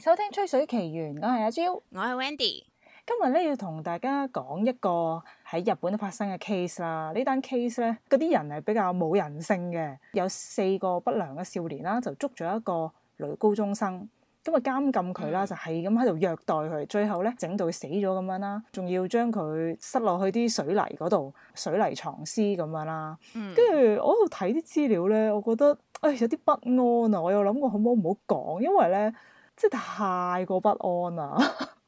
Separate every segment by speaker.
Speaker 1: 收聽吹水奇緣，我係阿 Jill，我係 Wendy。今日咧要同大家講一個喺日本都發生嘅 case 啦。件件呢單 case 咧，嗰啲人係比較冇人性嘅，有四個不良嘅少年啦，就捉咗一個女高中生，咁啊監禁佢啦，嗯、就係咁喺度虐待佢，最後咧整到佢死咗咁樣啦，仲要將佢塞落去啲水泥嗰度，水泥藏屍咁樣啦。跟住、嗯、我喺度睇啲資料咧，我覺得誒、哎、有啲不安啊。我有諗過好唔好唔好講，因為咧。即係太過不安啦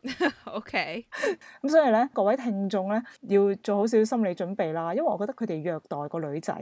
Speaker 2: ，OK。咁
Speaker 1: 所以咧，各位聽眾咧，要做好少少心理準備啦，因為我覺得佢哋虐待個女仔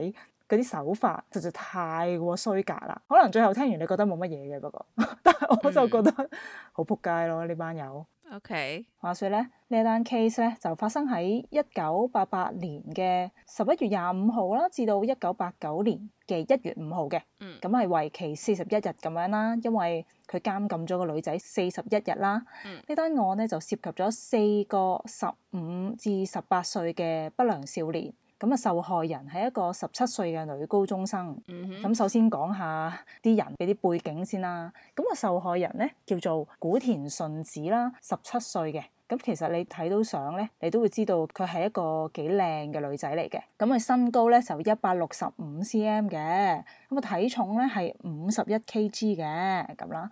Speaker 1: 嗰啲手法實在太過衰格啦。可能最後聽完你覺得冇乜嘢嘅嗰個，但係我就覺得、嗯、 好仆街咯呢班友。OK，話說咧，呢單 case 咧就發生喺一九八八年嘅十一月廿五號啦，至到一九八九年嘅一月五號嘅，咁係為期四十一日咁樣啦。因為佢監禁咗個女仔四十一日啦。呢單、嗯、案咧就涉及咗四個十五至十八歲嘅不良少年。咁啊，受害人係一個十七歲嘅女高中生。咁、嗯、哼首先講下啲人，俾啲背景先啦。咁啊，受害人咧叫做古田順子啦，十七歲嘅。咁其實你睇到相咧，你都會知道佢係一個幾靚嘅女仔嚟嘅。咁佢身高咧就一百六十五 cm 嘅，咁啊體重咧係五十一 kg 嘅咁啦。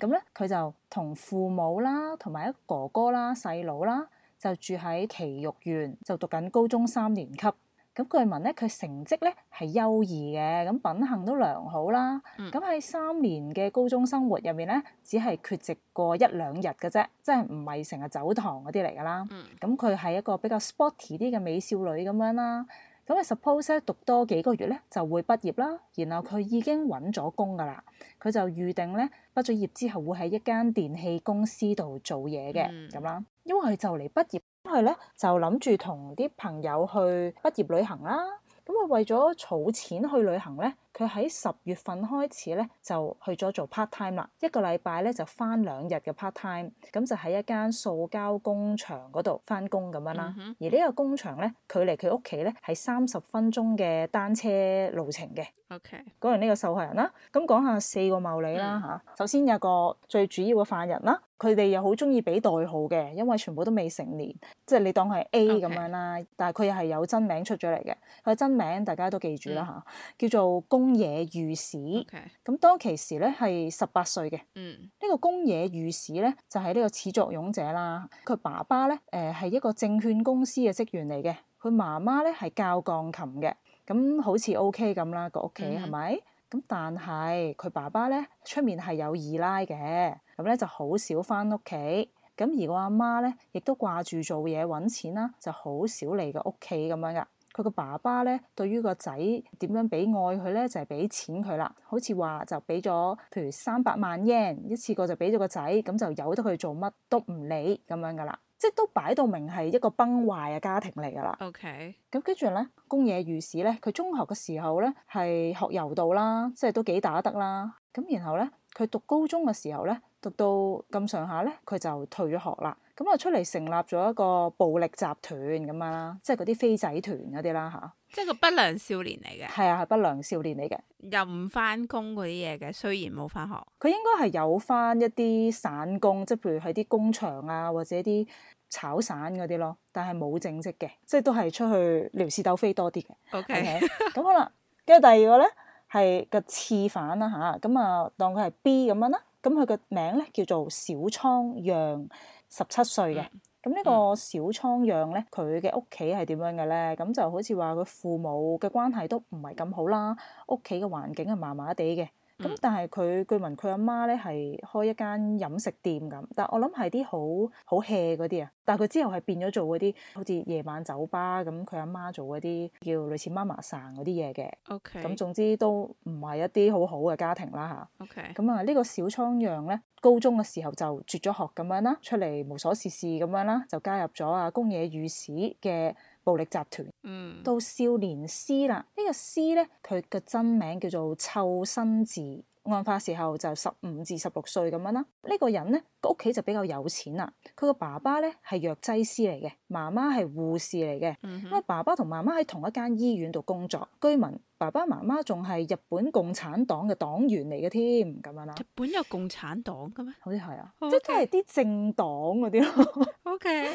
Speaker 1: 咁咧佢就同父母啦，同埋一哥哥啦、細佬啦，就住喺埼玉縣，就讀緊高中三年級。咁據聞咧，佢成績咧係優異嘅，咁品行都良好啦。咁喺、嗯、三年嘅高中生活入面咧，只係缺席過一兩日嘅啫，即係唔係成日走堂嗰啲嚟噶啦。咁佢係一個比較 sporty 啲嘅美少女咁樣啦。咁佢 suppose 咧讀多幾個月咧就會畢業啦。然後佢已經揾咗工噶啦，佢就預定咧畢咗業之後會喺一間電器公司度做嘢嘅咁啦。嗯因為佢就嚟畢業，咁佢咧就諗住同啲朋友去畢業旅行啦。咁佢為咗儲錢去旅行咧，佢喺十月份開始咧就去咗做 part time 啦。一個禮拜咧就返兩日嘅 part time，咁就喺一間塑膠工場嗰度返工咁樣啦。嗯、哼而呢個工場咧，距離佢屋企咧係三十分鐘嘅單車路程嘅。OK，講完呢個受害人啦，咁講下四個謀利啦嚇。嗯、首先有個最主要嘅犯人啦。佢哋又好中意俾代號嘅，因為全部都未成年，即係你當係 A 咁樣啦。Okay. 但係佢又係有真名出咗嚟嘅，佢真名大家都記住啦嚇，mm. 叫做宮野裕史。咁 Okay. 當其時咧係十八歲嘅。嗯，呢、mm. 個宮野裕史咧就係、是、呢個始作俑者啦。佢爸爸咧誒係一個證券公司嘅職員嚟嘅，佢媽媽咧係教鋼琴嘅。咁好似 OK 咁啦，個屋企係咪？這個咁但係佢爸爸咧出面係有二奶嘅，咁咧就好少翻屋企。咁而個阿媽咧亦都掛住做嘢揾錢啦，就好少嚟個屋企咁樣噶。佢個爸爸咧對於個仔點樣俾愛佢咧就係、是、俾錢佢啦，好似話就俾咗譬如三百萬 yen 一次過就俾咗個仔，咁就由得佢做乜都唔理咁樣噶啦。即係都擺到明係一個崩壞嘅家庭嚟噶啦。
Speaker 2: OK。
Speaker 1: 咁跟住咧，宮野裕史咧，佢中學嘅時候咧係學柔道啦，即係都幾打得啦。咁然後咧，佢讀高中嘅時候咧，讀到咁上下咧，佢就退咗學啦。咁啊出嚟成立咗一個暴力集團咁樣啦，即係嗰啲飛仔團嗰啲啦吓。
Speaker 2: 即係個不良少年嚟嘅，係
Speaker 1: 啊係不良少年嚟嘅，又
Speaker 2: 唔翻工嗰啲嘢嘅，雖然冇翻學，
Speaker 1: 佢應該係有翻一啲散工，即係譬如喺啲工場啊或者啲炒散嗰啲咯，但係冇正職嘅，即係都係出去撩事鬥非多啲嘅。O K，咁好啦，跟住第二個咧係個次犯啦吓，咁啊當佢係 B 咁樣啦，咁佢個名咧叫做小倉讓，十七歲嘅。嗯咁呢個小倉讓咧，佢嘅屋企係點樣嘅咧？咁就好似話佢父母嘅關係都唔係咁好啦，屋企嘅環境係麻麻地嘅。咁但係佢據聞佢阿媽咧係開一間飲食店咁，但係我諗係啲好好 hea 嗰啲啊。但係佢之後係變咗做嗰啲好似夜晚酒吧咁，佢阿媽做嗰啲叫類似 mama san 嗰啲嘢嘅。
Speaker 2: OK，咁總
Speaker 1: 之都唔係一啲好好嘅家庭啦吓。OK，咁啊呢、呢個小倉讓咧，高中嘅時候就絕咗學咁樣啦，出嚟無所事事咁樣啦，就加入咗啊宮野裕史嘅。暴力集團，嗯，到少年 C 啦。呢、這個 C 咧，佢嘅真名叫做湊伸治。案發時候就十五至十六歲咁樣啦。呢、這個人咧，個屋企就比較有錢啦。佢個爸爸咧係藥劑師嚟嘅，媽媽係護士嚟嘅。因為、嗯、哼爸爸同媽媽喺同一間醫院度工作。居民爸爸媽媽仲係日本共產黨嘅黨員嚟嘅添咁樣啦。日本有共產黨嘅咩？好似係啊，Okay. 即係都係啲政黨嗰啲咯。 OK。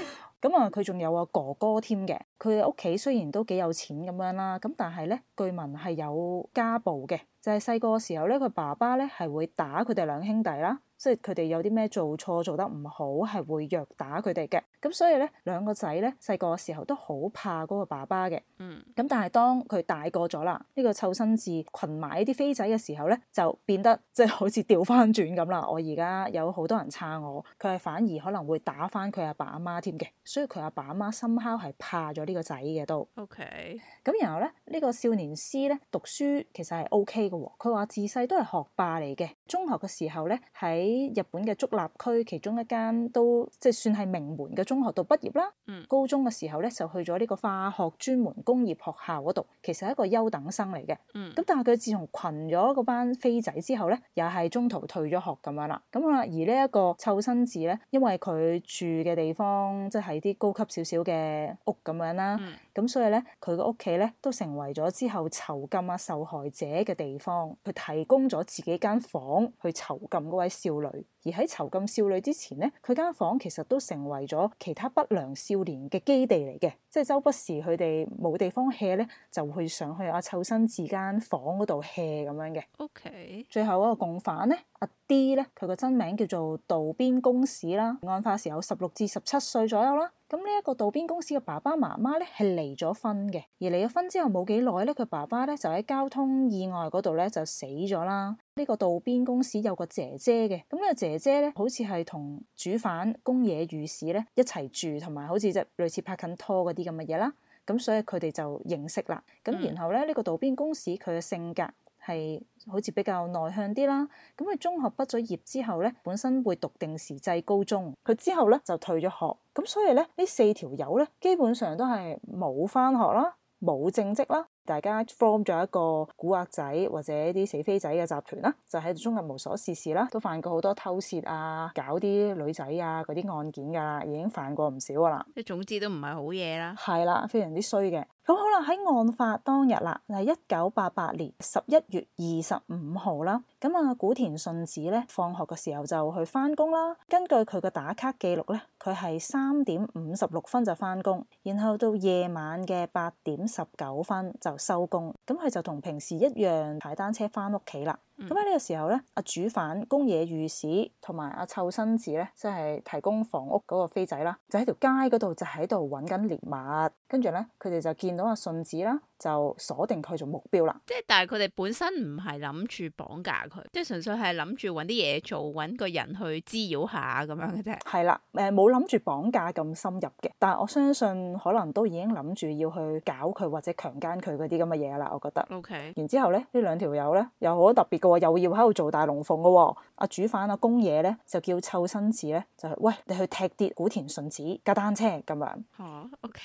Speaker 1: 咁啊，佢仲、嗯、有阿哥哥添嘅。佢屋企雖然都幾有錢咁樣啦，咁但係咧，據聞係有家暴嘅，就係細個時候咧，佢爸爸咧係會打佢哋兩兄弟啦，即係佢哋有啲咩做錯做得唔好，係會虐打佢哋嘅。咁所以咧，兩個仔咧細個嘅時候都好怕嗰個爸爸嘅。嗯。咁但係當佢大個咗啦，呢個湊新字群埋一啲飛仔嘅時候咧，就變得即係、就是、好似調翻轉咁啦。我而家有好多人撐我，佢係反而可能會打翻佢阿爸阿媽添嘅。所以佢阿爸阿媽深敲係怕咗呢個仔嘅都。OK。咁然後咧，呢個少年師咧讀書其實係 OK 嘅喎、哦。佢話自細都係學霸嚟嘅。中學嘅時候咧，喺日本嘅足立區其中一間都即係算係名門嘅中學到畢業啦，高中嘅時候咧就去咗呢個化學專門工業學校嗰度，其實係一個優等生嚟嘅。咁、嗯、但係佢自從群咗嗰班飛仔之後咧，又係中途退咗學咁樣啦。咁啊，而呢一個湊伸治咧，因為佢住嘅地方即係啲高級少少嘅屋咁樣啦。嗯咁所以咧，佢個屋企咧都成為咗之後囚禁啊受害者嘅地方，佢提供咗自己間房去囚禁嗰位少女。而喺囚禁少女之前咧，佢間房其實都成為咗其他不良少年嘅基地嚟嘅，即係周不時佢哋冇地方 hea 咧，就去上去阿、啊、湊伸治間房嗰度 hea 咁樣嘅。O K。最後一個共犯咧，阿 D 咧，佢個真名叫做渡邊恭史啦，案發時有十六至十七歲左右啦。咁呢一個道邊公司嘅爸爸媽媽咧係離咗婚嘅，而離咗婚之後冇幾耐咧，佢爸爸咧就喺交通意外嗰度咧就死咗啦。呢、這個道邊公司有個姐姐嘅，咁、那、呢個姐姐咧好似係同主犯宮野裕史咧一齊住，同埋好似就類似拍緊拖嗰啲咁嘅嘢啦。咁所以佢哋就認識啦。咁然後咧呢、這個道邊公司佢嘅性格。係好似比較內向啲啦，咁佢中學畢咗業之後咧，本身會讀定時制高中，佢之後咧就退咗學，咁所以咧呢四條友咧基本上都係冇返學啦，冇正職啦，大家 form 咗一個古惑仔或者啲死飛仔嘅集團啦，就喺、是、中學無所事事啦，都犯過好多偷竊啊、搞啲女仔啊嗰啲案件㗎、啊，已經犯過唔少㗎啦。總之都唔係好嘢啦。係啦，非常之衰嘅。咁好啦，喺案發當日啦，係一九八八年十一月二十五號啦。咁啊，古田順子咧放學嘅時候就去翻工啦。根據佢嘅打卡記錄咧，佢係三點五十六分就翻工，然後到夜晚嘅八點十九分就收工。咁佢就同平時一樣踩單車翻屋企啦。咁喺呢個時候咧，阿主犯、宮野御史同埋阿湊新子咧，即係提供房屋嗰個飛仔啦，就喺條街嗰度就喺度揾緊獵物，跟住咧佢哋就見到阿順子啦，就鎖定佢做目標啦。
Speaker 2: 即係但係佢哋本身唔係諗住綁架佢，即係純粹係諗住揾啲嘢做，揾個人去滋擾下咁樣嘅啫。
Speaker 1: 係啦、嗯，誒冇諗住綁架咁深入嘅，但係我相信可能都已經諗住要去搞佢或者強姦佢嗰啲咁嘅嘢啦，我覺得。OK. 然之後咧，呢兩條友咧有好特別。又要喺度做大龍鳳咯，阿主犯阿公爺咧就叫臭新字咧，就係，喂你去踢跌古田順子架單車咁樣。吓 OK，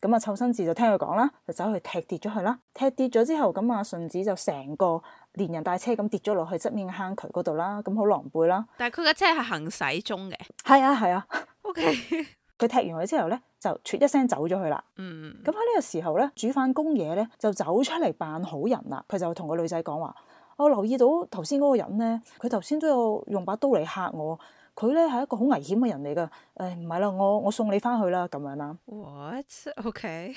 Speaker 1: 咁啊臭新字就聽佢講啦，就走去踢跌咗佢啦。踢跌咗之後，咁阿順子就成個連人帶車咁跌咗落去側面坑渠嗰度啦，咁好狼狽啦。
Speaker 2: 但係佢架車係行駛中嘅。
Speaker 1: 係啊係啊。啊 OK。佢 踢完佢之後咧，就啜一聲走咗去啦。嗯。咁喺呢個時候咧，主犯公爺咧就走出嚟扮好人啦，佢就同個女仔講話。我留意到頭先嗰個人咧，佢頭先都有用把刀嚟嚇我。佢咧係一個好危險嘅人嚟㗎。誒唔係啦，我我送你翻去啦，咁樣啦、啊。What？OK，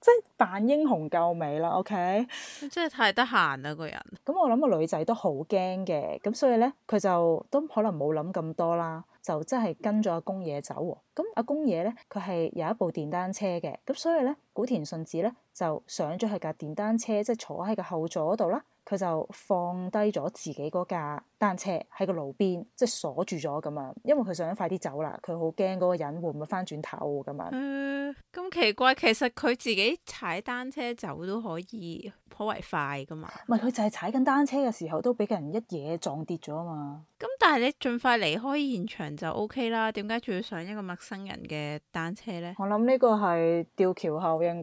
Speaker 1: 即係扮英雄救美啦。OK，
Speaker 2: 真係太得閒啦，個人
Speaker 1: 咁、嗯、我諗個女仔都好驚嘅。咁所以咧，佢就都可能冇諗咁多啦，就真係跟咗阿公爺走喎。咁、嗯、阿公爺咧，佢係有一部電單車嘅。咁所以咧，古田順治古田順子咧就上咗佢架電單車，即係坐喺個後座嗰度啦。佢就放低咗自己嗰架單車喺個路邊，即係鎖住咗咁樣！因為佢想快啲走啦，佢好驚嗰個人會唔會翻轉頭㗎嘛？誒、嗯，
Speaker 2: 咁奇怪，其實佢自己踩單車走都可以頗為快㗎嘛？
Speaker 1: 唔係，佢就係踩緊單車嘅時候都俾人一嘢撞跌咗啊嘛！咁但係你
Speaker 2: 盡快離開現場就 OK 啦，點解仲要上一個陌生人嘅單車咧？
Speaker 1: 我諗呢個係吊橋效應啩，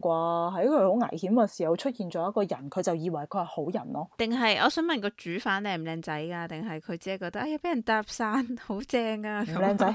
Speaker 1: 喺佢好危險嘅時候出現咗一個人，佢就以為佢係好人咯。定
Speaker 2: 係我想問個主犯靚唔靚仔噶？定係佢只係覺得，哎呀俾人搭
Speaker 1: 訕好正啊？唔靚仔，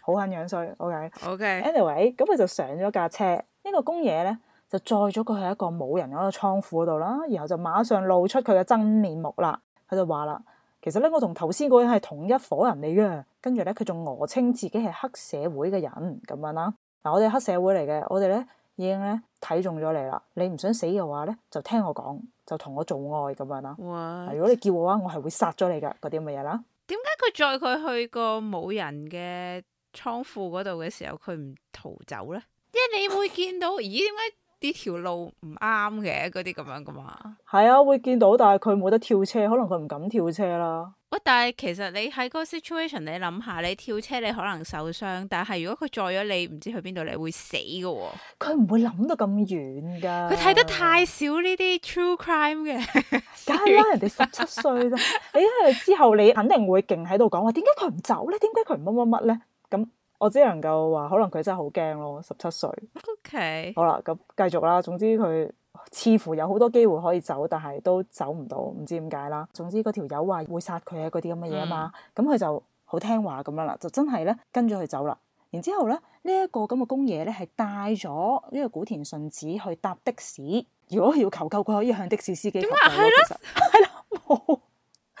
Speaker 1: 好 肯樣衰。OK，OK，Anyway，、okay? Okay. 咁佢就上咗架車，這個、公呢個工嘢咧就載咗佢去一個冇人嗰個倉庫嗰度啦，然後就馬上露出佢嘅真面目啦。佢就話啦：，其實咧我同頭先嗰人係同一伙人嚟嘅。跟住咧佢仲訛稱自己係黑社會嘅人咁樣啦。嗱、啊，我哋黑社會嚟嘅，我哋咧已經咧睇中咗你啦。你唔想死嘅話咧，就聽我講。就同我做愛咁樣啦。What? 如果你叫我話，我係會殺咗你㗎，嗰啲咁嘅嘢啦。
Speaker 2: 點解佢載佢去個冇人嘅倉庫嗰度嘅時候，佢唔逃走咧？即係你會見到， 咦？點解？啲條路唔啱嘅嗰啲咁樣噶嘛？
Speaker 1: 係啊，會見到，但係佢冇得跳車，可能佢唔敢跳車啦。
Speaker 2: 喂，但係其實你喺嗰個 situation，你諗下，你跳車你可能受傷，但係如果佢載咗你唔知去邊度，你會死噶喎。佢唔會諗
Speaker 1: 到咁遠㗎。佢睇得
Speaker 2: 太少呢啲 true crime 嘅。
Speaker 1: 梗係啦，人哋十七歲啫。你係之後你肯定會勁喺度講話，點解佢唔走咧？點解佢乜乜乜咧？咁。我只能夠話，可能佢真係好驚咯，十七歲。OK 好。好啦，咁繼續啦。總之佢似乎有好多機會可以走，但係都走唔到，唔知點解啦。總之嗰條友話會殺佢啊，嗰啲咁嘅嘢嘛。咁佢、嗯、就好聽話咁樣啦，就真係咧跟住佢走啦。然之後咧，呢、這、一個咁嘅公嘢咧係帶咗呢個古田順子去搭的士。如果佢要求救，佢可以向的士司機。點啊？係咯實，係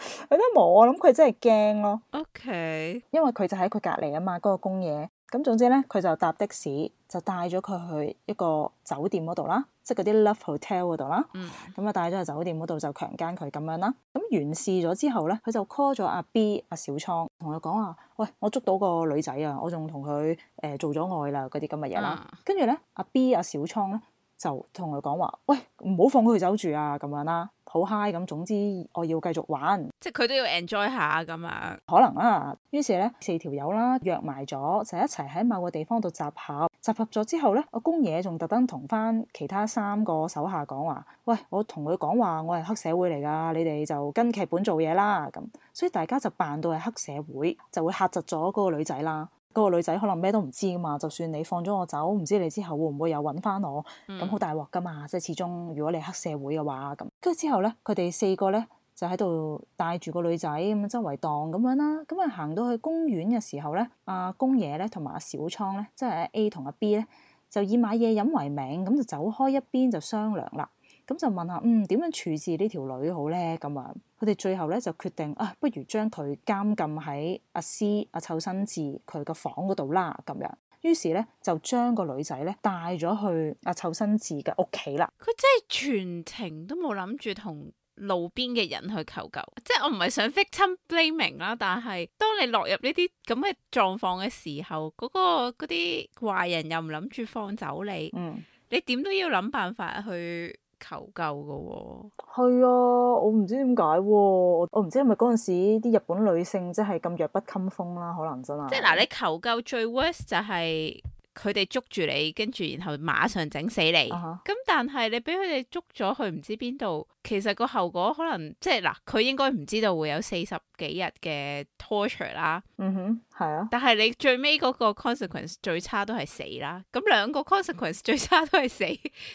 Speaker 1: 佢都冇，我諗佢真係驚咯。OK，因為佢就喺佢隔籬啊嘛，嗰、嗰個公嘢。咁總之咧，佢就搭的士，就帶咗佢去一個酒店嗰度啦，即係嗰啲 Love Hotel 嗰度啦。咁啊、嗯，帶咗去酒店嗰度就強奸佢咁樣啦。咁完事咗之後咧，佢就 call 咗阿 B 阿小倉，同佢講話，喂，我捉到個女仔，呃、了了啊，我仲同佢誒做咗愛啦，嗰啲咁嘅嘢啦。跟住咧，阿 B 阿小倉咧。就同佢講話，喂，唔好放佢走住啊咁樣啦，好 high 咁。總之我要繼續玩，即係
Speaker 2: 佢都要 enjoy 下咁樣，
Speaker 1: 可能啦，啊。於是咧，四條友啦約埋咗，就一齊喺某個地方度集合。集合咗之後咧，阿公爺仲特登同翻其他三個手下講話，喂，我同佢講話，我係黑社會嚟㗎，你哋就跟劇本做嘢啦咁。所以大家就扮到係黑社會，就會嚇窒咗嗰個女仔啦。嗰個女仔可能咩都唔知，噶嘛，就算你放咗我走，唔知你之後會唔會又揾翻我咁，好大鑊噶嘛。即係始終如果你黑社會嘅話咁，跟住之後咧，佢哋四個咧就喺度帶住個女仔咁周圍蕩咁樣啦。咁啊行到去公園嘅時候咧，阿公野咧同埋阿小倉咧，即係 A 同阿 B 咧就以買嘢飲為名咁就走開一邊就商量啦。咁就問下，嗯，點樣處置呢條女好咧？咁啊，佢哋最後咧就決定啊，不如將佢監禁喺阿師阿臭新志佢個房嗰度啦。咁樣，於是咧就將個女仔咧帶咗去阿、啊、臭新志嘅屋企啦。
Speaker 2: 佢真係全程都冇諗住同路邊嘅人去求救，即、就、係、是、我唔係想 fit 親 blaming 啦，但係當你落入呢啲咁嘅狀況嘅時候，嗰、嗰個嗰啲壞人又唔諗住放走你，嗯，你點都要諗辦法去。求救嘅喎，
Speaker 1: 哦，係啊，我唔知點解喎，我唔知係咪嗰陣時啲日本女性即係咁弱不禁風啦，啊，可能真係。即係嗱，你
Speaker 2: 求救最 worst 就係，是。佢哋捉住你，跟住然後馬上
Speaker 1: 整死你。
Speaker 2: 咁但係你俾佢哋捉咗去唔知邊度，其實個後果可能即係嗱，佢應該唔知道會有四十幾日嘅拖長啦。嗯
Speaker 1: 哼，
Speaker 2: 係啊。但係你最尾嗰個 consequence 最差都係死啦。咁兩個 consequence 最差都係死，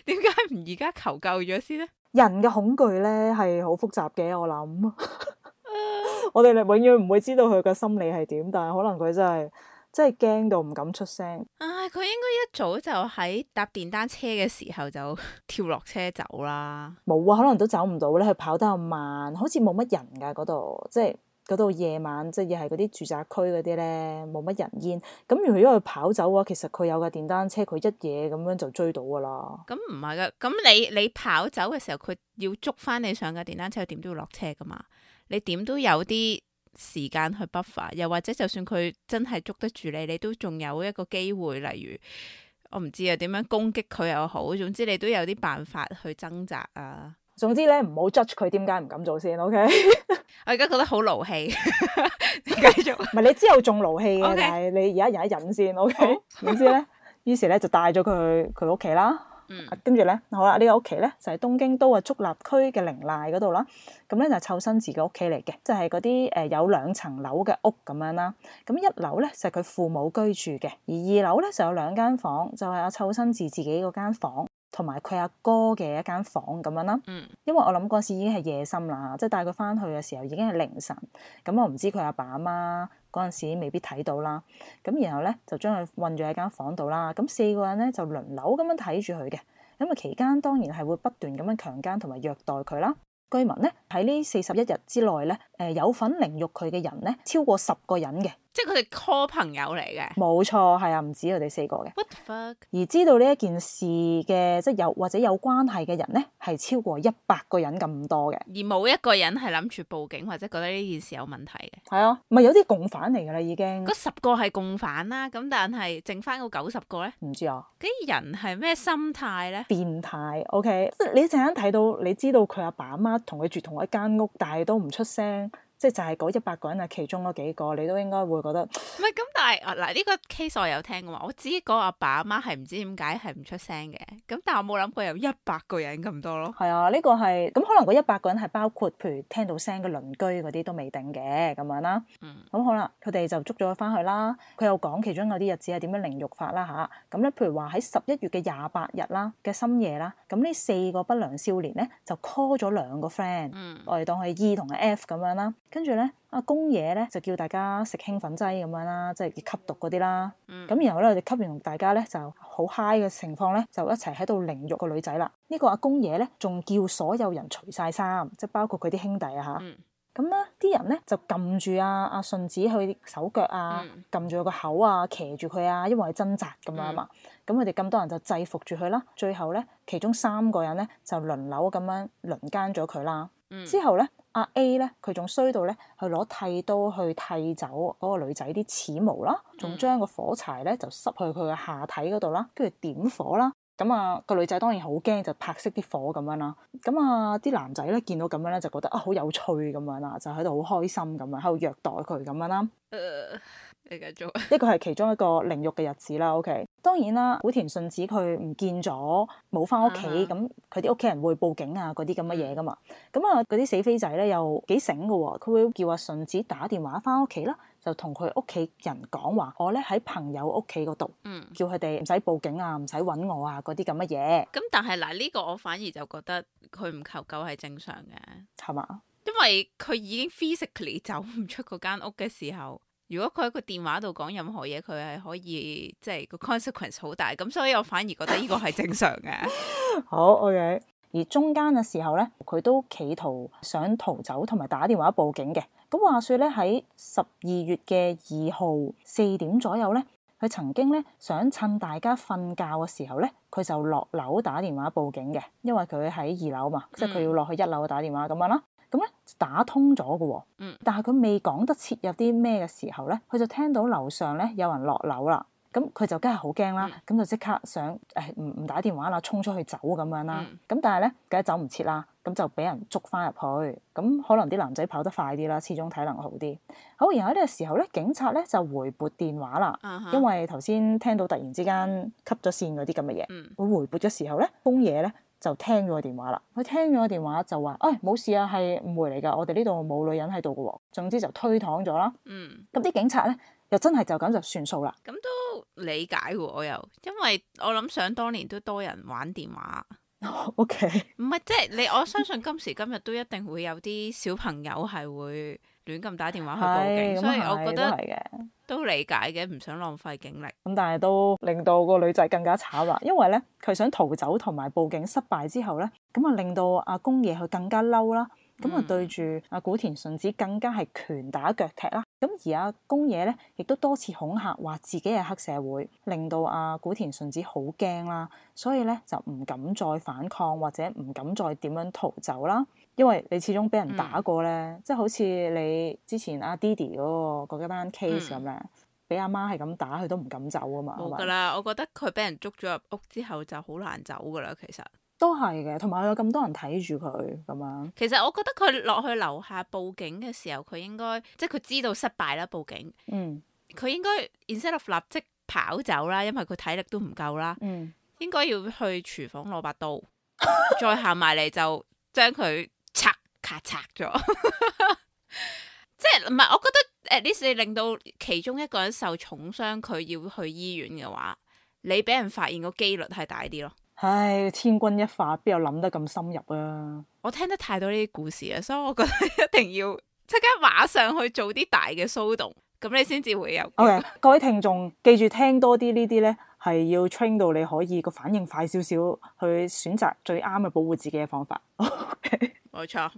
Speaker 2: 點解唔而家求救咗先呢？
Speaker 1: 人嘅恐懼咧係好複雜嘅，我諗。我哋永遠唔會知道佢嘅心理係點，但係可能佢真係。即係驚到唔敢出聲。
Speaker 2: 唉、啊，佢應該一早就喺搭電單車嘅時候就跳落車走啦。
Speaker 1: 冇啊，可能都走唔到咧。佢跑得咁慢，好似冇乜人噶嗰度。即係嗰度夜晚，即係又係嗰啲住宅區嗰啲咧，冇乜人煙。咁如果佢跑走嘅話，其實佢有架電單車，佢一夜咁樣就追到噶啦。咁唔係嘅，
Speaker 2: 咁你你跑走嘅時候，佢要捉翻你上架電單車，點都要落車噶嘛。你點都有啲時間去不凡，又或者就算佢真係捉得住你，你都仲有一個機會，例如我唔知啊，點樣攻擊佢又好，總之你都有啲辦法去掙扎啊。
Speaker 1: 總之咧，唔好 judge 佢點解唔敢做先，OK？
Speaker 2: 我而家覺得好勞氣，
Speaker 1: 繼續。 唔係你之後仲勞氣嘅，Okay? 但係你而家忍一忍先，OK？總之咧，於 是咧就帶咗佢去佢屋企啦。嗯，跟住咧，好啦，這個、呢個屋企咧就喺、是、東京都嘅足立區嘅綾瀨嗰度啦。咁咧就係湊伸自己屋企嚟嘅，就係嗰啲誒有兩層樓嘅屋咁樣啦、啊。咁、嗯、一樓咧就係、是、佢父母居住嘅，而二樓咧就有兩間房，就係阿湊伸治自己嗰間房，同埋佢阿哥嘅一間房咁樣啦。嗯，因為我諗嗰時已經係夜深啦，即係帶佢翻去嘅時候已經係凌晨，咁我唔知佢阿爸阿媽，嗰陣時未必睇到啦，咁然後咧就將佢困住喺間房度啦，咁四個人咧就輪流咁樣睇住佢嘅，咁啊期間當然係會不斷咁樣強姦同埋虐待佢啦。據聞咧喺呢四十一日之內咧，誒、呃、有份凌辱佢嘅人咧超過十個人嘅。
Speaker 2: 即係佢哋 call 朋友嚟嘅，
Speaker 1: 冇錯，係啊，唔止佢哋四個嘅。What the fuck？而知道呢一件事嘅，即係有或者有關係嘅人咧，係超過一百個人咁多嘅。而
Speaker 2: 冇一個人係諗住報警或者覺得呢件事有問題嘅。
Speaker 1: 係、嗯、啊，咪有啲共
Speaker 2: 犯嚟噶啦，已經。嗰十個係共犯啦，咁但係剩翻個九十個咧，唔知啊。啲人係咩心態咧？
Speaker 1: 變態，OK？即係你一陣間睇到，你知道佢阿爸阿媽同佢住同一間屋，但係都唔出聲。即係就係嗰一百個人嘅其中嗰幾個，你都應該會覺得
Speaker 2: 唔係咁。但係嗱，呢、啊這個 case 我有聽嘅喎，我自己嗰阿爸阿媽係唔知點解係唔出聲嘅。
Speaker 1: 咁但係我冇諗過有一百個人咁多咯。係啊，呢、這個係咁可能嗰一百個人係包括譬如聽到聲嘅鄰居嗰啲都未定嘅咁樣啦。嗯。咁好啦，佢哋就捉咗佢返去啦。佢又講其中嗰啲日子係點樣凌辱法啦吓，咁、啊、咧，譬如話喺十一月嘅廿八日啦嘅深夜啦，咁呢四個不良少年咧就 call 咗兩個 friend，、嗯、我哋當佢 E 同 F 咁樣啦。跟住咧，阿公爺咧就叫大家食興奮劑咁樣啦，即係要吸毒嗰啲啦。咁然後咧，我哋吸完，大家咧就好嗨嘅情況咧，就一齊喺度凌辱個女仔啦。呢、這個阿公爺咧，仲叫所有人除晒衫，即係包括佢啲兄弟啊吓。咁咧、嗯嗯，啲人咧就撳住阿阿順子去手腳啊，撳住個口啊，騎住佢啊，因為佢掙扎咁樣嘛。咁佢哋咁多人就制服住佢啦。最後咧，其中三個人咧就輪流咁樣輪奸咗佢啦。之後咧。呢阿 A 咧，佢仲衰到咧，去攞剃刀去剃走嗰個女仔啲恥毛啦，仲將個火柴咧就塞去佢嘅下體嗰度啦，跟住點火啦。咁啊，個女仔當然好驚，就拍熄啲火咁樣啦。咁啊，啲男仔咧見到咁樣咧，就覺得啊好有趣咁樣啦，就喺度好開心咁樣喺度虐待佢咁樣啦。Uh 呢 個係其中一個凌辱嘅日子啦。OK，當然啦，古田順子佢唔見咗，冇翻屋企，咁佢啲屋企人會報警啊，嗰啲咁乜嘢噶嘛。咁啊，嗰啲死飛仔咧又幾醒噶，佢會叫阿順子打電話翻屋企啦，就同佢屋企人講話，我咧喺朋友屋企嗰度，嗯，叫佢哋唔使報警啊，唔使揾我啊，嗰啲咁乜嘢。
Speaker 2: 咁、嗯、但係嗱，呢、呢個我反而就覺得佢唔求救係正常嘅，係嘛嗎？因為佢已經 physically 走唔出嗰間屋嘅時候。如果佢喺個電話度講任何嘢，佢係可以即係個 consequence 好大，咁所以我反而覺得呢個係正常嘅。
Speaker 1: 好，OK。而中間嘅時候咧，佢都企圖想逃走，同埋打電話報警嘅。咁話說咧，喺十二月嘅二號四點左右咧，佢曾經咧想趁大家瞓覺嘅時候咧，佢就落樓打電話報警嘅，因為佢喺二樓嘛，即係佢要落去一樓打電話咁樣咯。咁咧打通咗㗎喎，但係佢未講得切，入啲咩嘅時候咧，佢就聽到樓上咧有人落樓啦，咁佢就梗係好驚啦，咁、嗯、就即刻想誒唔唔打電話啦，衝出去走咁樣啦，咁、嗯、但係咧梗係走唔切啦，咁就俾人捉翻入去，咁可能啲男仔跑得快啲啦，始終體能好啲。好，然後呢個時候咧，警察咧就回撥電話啦，啊、哈 因為頭先聽到突然之間吸咗線嗰啲咁嘅嘢，會、嗯、回撥嘅時候咧，風嘢咧。就聽咗個電話啦，佢聽咗個電話就話：哎，冇事啊，係誤會嚟噶，我哋呢度冇女人喺度噶喎。總之就推搪咗啦。嗯。咁啲警察咧，又真係就咁就算數啦。咁都
Speaker 2: 理解喎，我又，因為我諗想當年都多人玩電話。Oh, OK。唔係，即係你我相信今時今日都一定會有啲小朋友係會。 亂咁打電話去報警，哎嗯、所以我覺得都理解嘅，唔想浪費警力。
Speaker 1: 咁但係都令到個女仔更加慘啦，因為咧佢想逃走同埋報警失敗之後咧，咁啊令到阿宮野佢更加嬲啦，咁啊對住阿古田順子更加係拳打腳踢啦。咁、嗯、而阿宮野咧亦都多次恐嚇，話自己係黑社會，令到阿古田順子好驚啦，所以咧就唔敢再反抗或者唔敢再點樣逃走啦。因為你始終俾人打過咧，嗯、即係好似你之前阿 Didi 嗰個嗰單 case 咁樣，俾阿、嗯、媽係咁打，佢都唔敢走啊嘛。冇㗎啦
Speaker 2: 了，吧我覺得佢俾人捉咗入屋之後就好難走㗎啦，其實。
Speaker 1: 都係嘅，同埋有咁多人睇住佢咁樣。
Speaker 2: 其實我覺得佢落去樓下報警嘅時候，佢應該即係佢知道失敗啦，報警。嗯。佢應該 instead of 立即跑走啦，因為佢體力都唔夠啦。嗯。應該要去廚房攞把刀， 再行埋嚟就將佢咔嚓咗， 即係唔係？我覺得誒，呢令到其中一個人受重傷，佢要去醫院嘅話，你俾人發現個機率係大啲咯。
Speaker 1: 唉、哎，千鈞一髮，邊有諗得咁深入啊？
Speaker 2: 我聽得太多呢啲故事啊，所以我覺得一定要即刻馬上去做啲大嘅騷動，咁你先至會有機
Speaker 1: 會。Okay, 各位聽眾記住聽多啲呢啲呢，係要 train 到你可以個反應快少少，去選擇最啱嘅保護自己嘅方法。
Speaker 2: 冇、okay. 錯。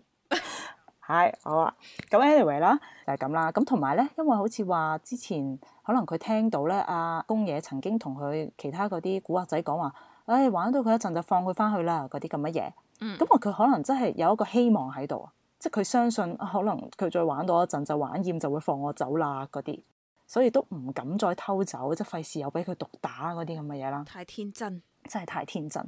Speaker 1: 係，Hi，好啊。咁 anyway 啦，就係咁啦。咁同埋咧，因為好似話之前，可能佢聽到咧，阿、啊、宮野曾經同佢其他嗰啲古惑仔講話，唉、哎，玩到佢一陣就放佢翻去啦，嗰啲咁嘅嘢。嗯。咁啊，佢可能真係有一個希望喺度，即係佢相信可能佢再玩到一陣就玩厭就會放我走啦嗰啲，所以都唔敢再偷走，即係費事又俾佢毒打嗰啲咁嘅嘢啦。太天真，真係太天真。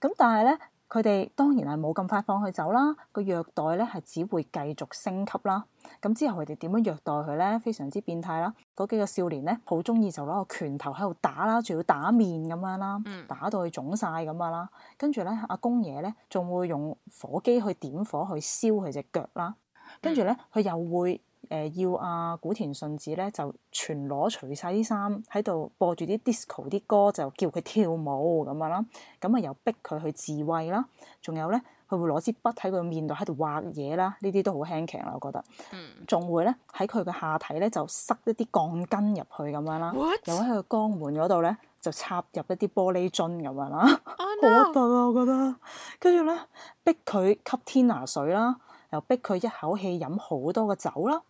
Speaker 1: 咁但係咧。佢哋當然係冇咁快放佢走啦，個虐待咧係只會繼續升級啦。咁之後佢哋點樣虐待佢咧？非常之變態啦！嗰幾個少年咧，好中意就攞個拳頭喺度打啦，仲要打面咁樣啦，打到佢腫晒咁樣啦！跟住咧，阿公爺咧仲會用火機去點火去燒佢隻腳啦，跟住咧佢又會。誒、呃、要啊古田順子咧就全裸除晒啲衫喺度播住啲 disco 啲歌就叫佢跳舞咁樣啦，咁啊又逼佢去自慰啦，仲有咧佢會攞支筆喺佢面度喺度畫嘢啦，呢啲都好 kinky 啦，我覺得，仲、嗯、會咧喺佢嘅下體咧就塞一啲鋼筋入去咁樣啦，What? 又喺佢肛門嗰度咧就插入一啲玻璃樽咁樣啦，好核突啊我覺得，跟住咧逼佢吸天拿水啦，又逼佢一口氣飲好多個酒啦。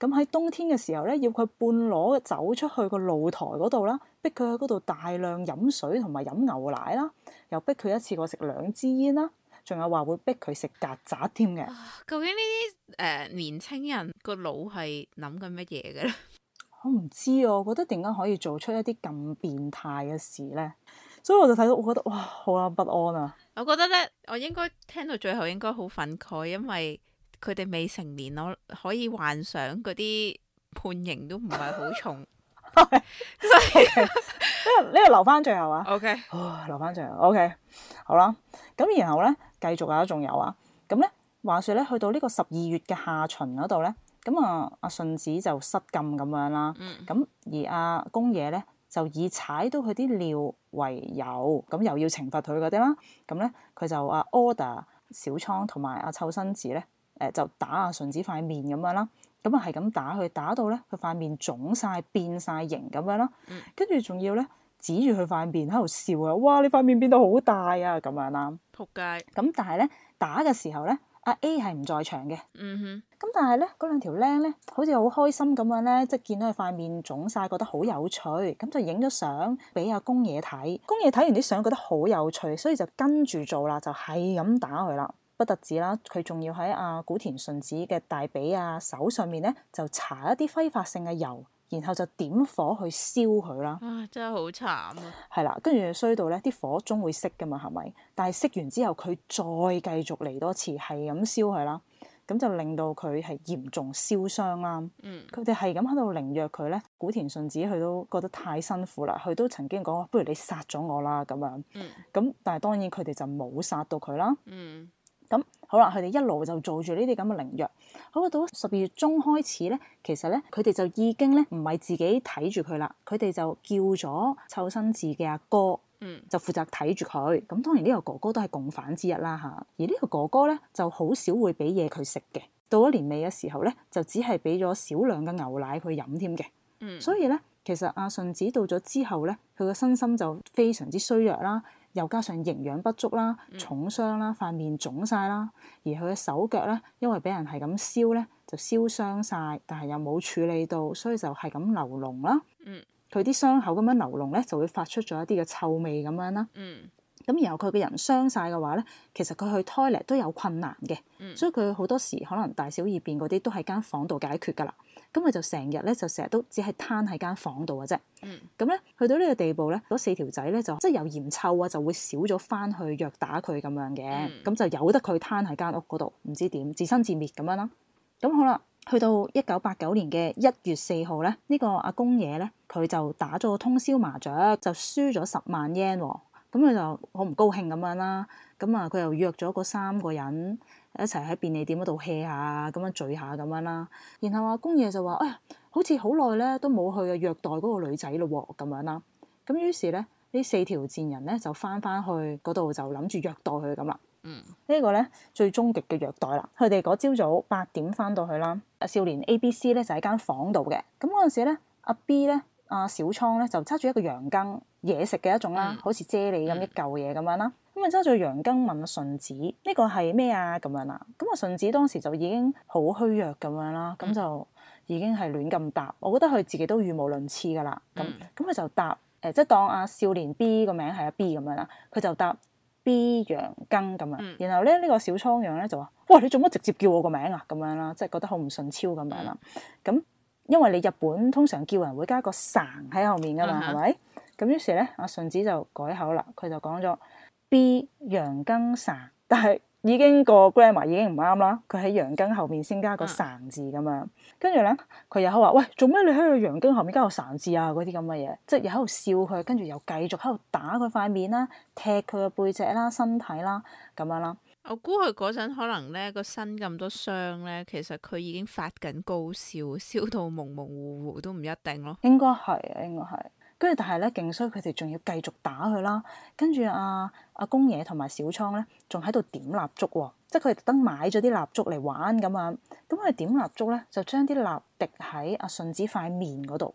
Speaker 1: 咁喺冬天嘅時候咧，要佢半裸走出去個露台嗰度啦，逼佢喺嗰度大量飲水同埋飲牛奶啦，又逼佢一次過食兩支煙啦，仲有話會逼佢食曱甴添嘅。
Speaker 2: 究竟呢啲誒年青人個腦係諗緊乜嘢嘅咧？
Speaker 1: 我唔知啊，我覺得點解可以做出一啲咁變態嘅事咧，所以我就睇到，我覺得哇，好喇，不安啊！
Speaker 2: 我覺得咧，我應該聽到最後應該好憤慨，因為。佢哋未成年咯，可以幻想嗰啲判刑都唔係好重，
Speaker 1: 係，呢個呢個留翻最後啊。O Okay . K、哦、留翻最後。O、okay. K，好啦，咁然後咧，繼續啊，仲有啊，咁咧話説咧，去到呢個十二月嘅下旬嗰度咧，咁啊阿、啊、順子就失禁咁樣啦，咁、嗯、而阿、啊、宮野咧就以踩到佢啲尿為由，咁又要懲罰佢嗰啲啦，咁咧佢就阿 order 小倉同埋阿臭新子咧。誒、呃、就打阿順子塊面咁樣啦，咁啊係咁打佢，打到咧佢塊面腫晒變晒形咁樣啦，跟住仲要咧指住佢塊面喺度笑啊！哇！你塊面變到好大啊！咁樣啦，仆街蛋！咁但係咧打嘅時候咧，阿 A 係唔在場嘅，嗯哼。咁但係咧嗰兩條僆咧，好似好開心咁樣咧，即係見到佢塊面腫晒，覺得好有趣，咁就影咗相俾阿公爺睇，公爺睇完啲相，覺得好有趣，所以就跟住做啦，就係咁打佢啦。不特止啦，佢仲要喺阿古田順子嘅大髀啊手上面咧，就搽一啲揮發性嘅油，然後就點火去燒佢啦。
Speaker 2: 啊，真係好慘
Speaker 1: 啊！係啦，跟住衰到咧，啲火終會熄㗎嘛，係咪？但係熄完之後，佢再繼續嚟多次，係咁燒佢啦，咁就令到佢係嚴重燒傷啦。嗯，佢哋係咁喺度凌虐佢咧，古田順子佢都覺得太辛苦啦，佢都曾經講不如你殺咗我啦咁樣。嗯，咁但係當然佢哋就冇殺到佢啦。嗯。咁好啦，佢哋一路就做住呢啲咁嘅凌虐，好咁到十二月中開始咧，其實咧佢哋就已經咧唔係自己睇住佢啦，佢哋就叫咗湊生字嘅阿哥，哥，嗯，就負責睇住佢。咁當然呢個哥哥都係共犯之一啦嚇，啊，而呢個哥哥咧就好少會俾嘢佢食嘅，到咗年尾嘅時候咧，就只係俾咗少量嘅牛奶佢飲添嘅。嗯，所以咧，其實阿順子到咗之後咧，佢嘅身心就非常之衰弱啦。又加上營養不足啦、重傷啦、塊面腫晒啦，而佢嘅手腳咧，因為俾人係咁燒咧，就燒傷晒，但係又冇處理到，所以就係咁流膿啦。佢啲、嗯、傷口咁樣流膿咧，就會發出咗一啲嘅臭味咁樣啦。嗯咁然後佢嘅人傷晒嘅話咧，其實佢去 toilet 都有困難嘅，嗯、所以佢好多時可能大小二便嗰啲都喺間房度解決噶啦。咁佢就成日咧就成日都只係攤喺間房度嘅啫。咁咧、嗯、去到呢個地步咧，嗰四條仔咧就即係有嫌臭啊，就會少咗翻去虐打佢咁樣嘅，咁、嗯、就由得佢攤喺間屋嗰度，唔知點自生自滅咁樣啦。咁好啦，去到一九八九年嘅一月四號咧，呢、這個阿公爺咧佢就打咗個通宵麻雀，就輸咗十萬 yen。咁佢就好唔高興咁樣啦，咁啊佢又約咗嗰三個人一齊喺便利店嗰度 hea 下，咁樣聚下咁樣啦。然後啊，公爺就話：哎呀，好似好耐咧都冇去啊，虐待嗰個女仔咯喎，咁樣啦。咁於是咧，呢四條賤人咧就翻翻去嗰度就諗住虐待佢咁啦。嗯。個呢個咧最終極嘅虐待啦，佢哋嗰朝早八點翻到去啦，少年 A、B、C 咧就喺間房度嘅。咁嗰陣時咧，阿 B 咧，啊！小倉咧就揸住一個羊羹，嘢食嘅一種啦，嗯、好似啫喱咁一嚿嘢咁樣啦。咁啊揸住個羊羹問阿順子：呢、呢個係咩啊？咁樣啦。咁阿順子當時就已經好虛弱咁樣啦，咁、嗯、就已經係亂咁答。我覺得佢自己都語無倫次噶啦。咁咁佢就答誒，即、呃、係、即係、當阿少年 B 個名係阿 B 咁樣啦。佢就答 B 羊羹咁樣。嗯、然後咧呢、呢個小倉羊咧就話：哇！你做乜直接叫我個名啊？咁樣啦，即係覺得好唔順超咁樣啦。咁因為你日本通常叫人會加個神喺後面㗎嘛，係咪？咁 於是咧，阿順子就改口啦，佢就講咗 B 羊羹神，但係已經個 grammar 已經唔啱啦，佢喺羊羹後面先加個神字咁樣，跟住咧佢又喺度話：喂，做咩你喺個羊羹後面加個神字啊？嗰啲咁嘅嘢，即係又喺度笑佢，跟住又繼續喺度打佢塊面啦、踢佢個背脊啦、身體啦咁樣啦。
Speaker 2: 我估佢嗰陣可能咧個身咁多傷咧，其實佢已經發緊高燒，燒到蒙蒙糊糊，糊糊都唔一
Speaker 1: 定咯。應該係，應該係。跟住但係咧，勁衰佢哋仲要繼續打佢啦。跟住阿阿公爺同埋小倉咧，仲喺度點蠟燭、哦，即係佢哋特登買咗啲蠟燭嚟玩咁樣。咁佢點蠟燭咧，就將啲蠟滴喺阿順子塊面嗰度，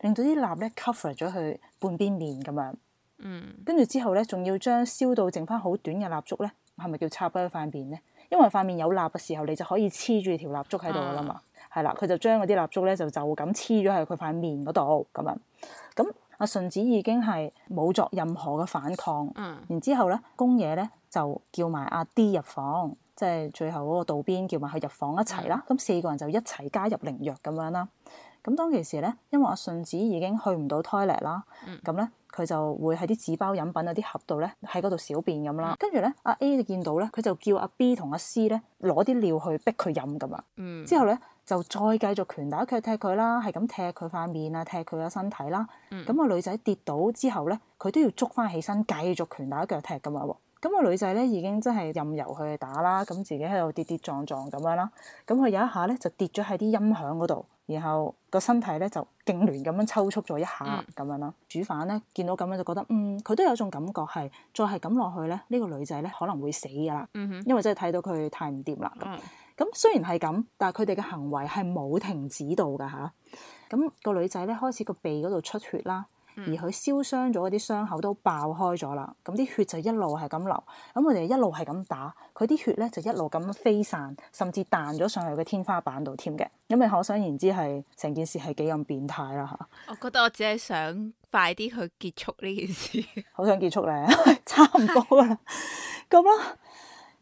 Speaker 1: 令到啲蠟咧 cover 咗佢半邊面咁樣。嗯。跟住之後咧，仲要將燒到剩翻好短嘅蠟燭咧。係咪叫插喺一塊面咧？因為塊面有蠟嘅時候，你就可以黐住條蠟燭喺度噶啦嘛。係啦，嗯，佢就將嗰啲蠟燭咧就就咁黐咗喺佢塊面嗰度咁樣。咁阿順子已經係冇作任何嘅反抗。嗯。然之後咧，公野咧就叫埋阿 D 入房，即係最後嗰個道邊叫埋佢入房一齊啦。咁，嗯、四個人就一齊加入凌虐咁樣啦。咁當其時咧，因為阿順子已經去唔到廁所啦，咁咧佢就會喺啲紙包飲品嗰啲盒度咧，喺嗰度小便咁啦。跟住咧，阿 A 就見到咧，佢就叫阿 B 同阿 C 咧攞啲尿去逼佢飲㗎嘛。之後咧就再繼續拳打腳踢佢啦，係咁踢佢塊面啊，踢佢個身體啦。咁個女仔跌倒之後咧，佢都要捉翻起身繼續拳打腳踢㗎嘛。咁個女仔咧已經真係任由佢打啦，咁自己喺度跌跌撞撞咁樣啦。咁佢有一下咧就跌咗喺啲音響嗰度，然後，個身體咧就痙攣咁樣抽搐咗一下咁、嗯、樣啦，主犯咧見到咁樣就覺得，嗯，佢都有一種感覺係再係咁落去咧，呢、這個女仔咧可能會死噶啦，因為真係睇到佢太唔掂啦。咁、嗯、雖然係咁，但係佢哋嘅行為係冇停止到噶吓。咁、啊，那個女仔咧開始個鼻嗰度出血啦。而佢燒傷咗嗰啲傷口都爆開咗啦，咁啲血就一路係咁流，咁我哋一路係咁打，佢啲血咧就一路咁飛散，甚至彈咗上去個天花板度添嘅，咁咪可想而知係成件事係幾咁變態啦嚇！
Speaker 2: 我覺得我只係想快啲去結束呢件事，
Speaker 1: 好 想結束咧， 差唔多啦，咁咯。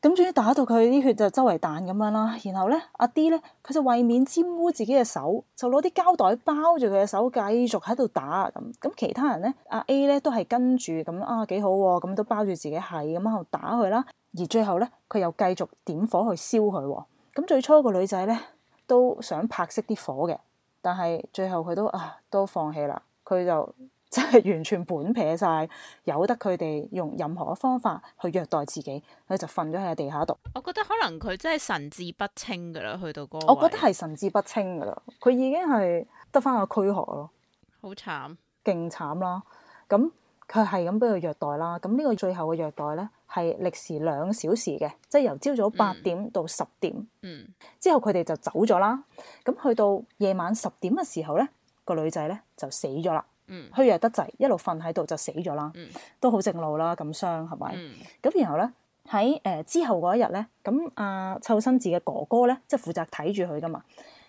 Speaker 1: 咁終於打到佢啲血就周圍彈咁樣啦，然後咧阿 D 咧佢就為免沾污自己嘅手，就攞啲膠袋包住佢嘅手，繼續喺度打咁。咁其他人咧，阿 A 咧都係跟住咁啊幾好喎，啊，咁都包住自己係咁喺度打佢啦。而最後咧，佢又繼續點火去燒佢。咁最初個女仔咧都想拍熄啲火嘅，但係最後佢都啊都放棄啦，佢就。就係完全本撇晒，由得佢哋用任何嘅方法去虐待自己，佢就瞓咗喺地下度。
Speaker 2: 我覺得可能佢真係神志不清噶啦。去到嗰我覺得係
Speaker 1: 神志不清噶啦，佢已經係得翻個軀殼咯，好慘，勁慘啦。咁佢係咁俾佢虐待啦。咁呢個最後嘅虐待咧係歷時兩小時嘅，即係由朝早八點到十點。嗯，之後佢哋就走咗啦。咁去到夜晚十點嘅時候咧，個女仔咧就死咗啦。虛弱得滯，一路瞓喺度就死咗啦，都好正路啦，咁傷係咪？咁 然後咧喺誒之後嗰一日咧，咁阿湊伸治嘅哥哥咧，即係負責睇住佢噶嘛，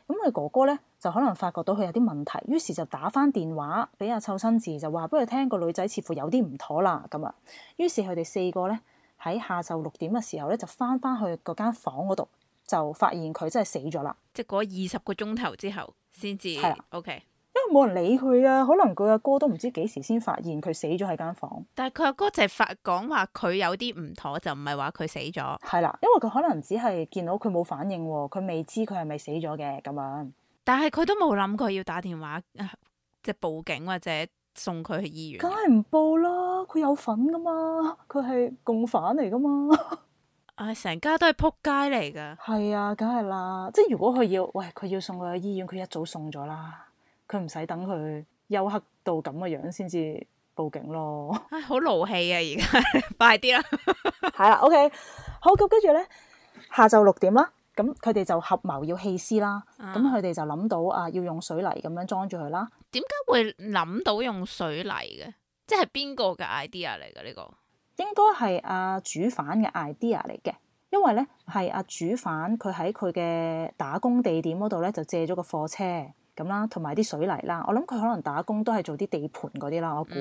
Speaker 1: 咁佢哥哥咧就可能發覺到佢有啲問題，於是就打翻電話俾阿湊伸治，就話俾佢聽個女仔似乎有啲唔妥啦，咁啊，於是佢哋四個咧喺下晝六點嘅時候咧就翻翻去嗰間房嗰度，就發現佢真係死咗啦，
Speaker 2: 即係嗰二十個鐘頭之後先至，係 OK
Speaker 1: 冇人理佢啊！可能佢阿哥，哥都唔知幾時先發現佢死咗喺間房。
Speaker 2: 但係佢阿哥就係發講話佢有啲唔妥，就唔係話佢死咗。係啦，
Speaker 1: 因為佢可能只係見到佢冇反應，佢未知佢係咪死咗嘅咁樣。但係佢都冇諗過要打電話，
Speaker 2: 呃，即係報警或者送佢去醫院。梗
Speaker 1: 係唔報啦！佢有份噶嘛，佢係共犯嚟噶嘛。
Speaker 2: 啊，成家都係撲街嚟噶。
Speaker 1: 係啊，梗係啦。即係如果佢要，喂，佢要送佢去醫院，佢一早送咗啦。佢唔使等佢休克到咁嘅樣先至報警咯。唉、哎，好勞氣啊！而家 快啲點啦，係 啦、yeah，OK，好，咁跟住咧，下晝六點啦，咁佢哋就合謀要棄屍啦。咁佢哋就諗到啊，到要用水泥咁樣裝住佢啦。
Speaker 2: 點解會諗到用水泥嘅？即係邊個嘅 idea 嚟嘅呢個？
Speaker 1: 應該係阿、啊、主犯嘅 idea 嚟嘅，因為咧係阿主犯佢喺佢嘅打工地點嗰度咧就借咗個貨車。咁啦，同埋啲水泥啦，我諗佢可能打工都係做啲地盤嗰啲啦，我估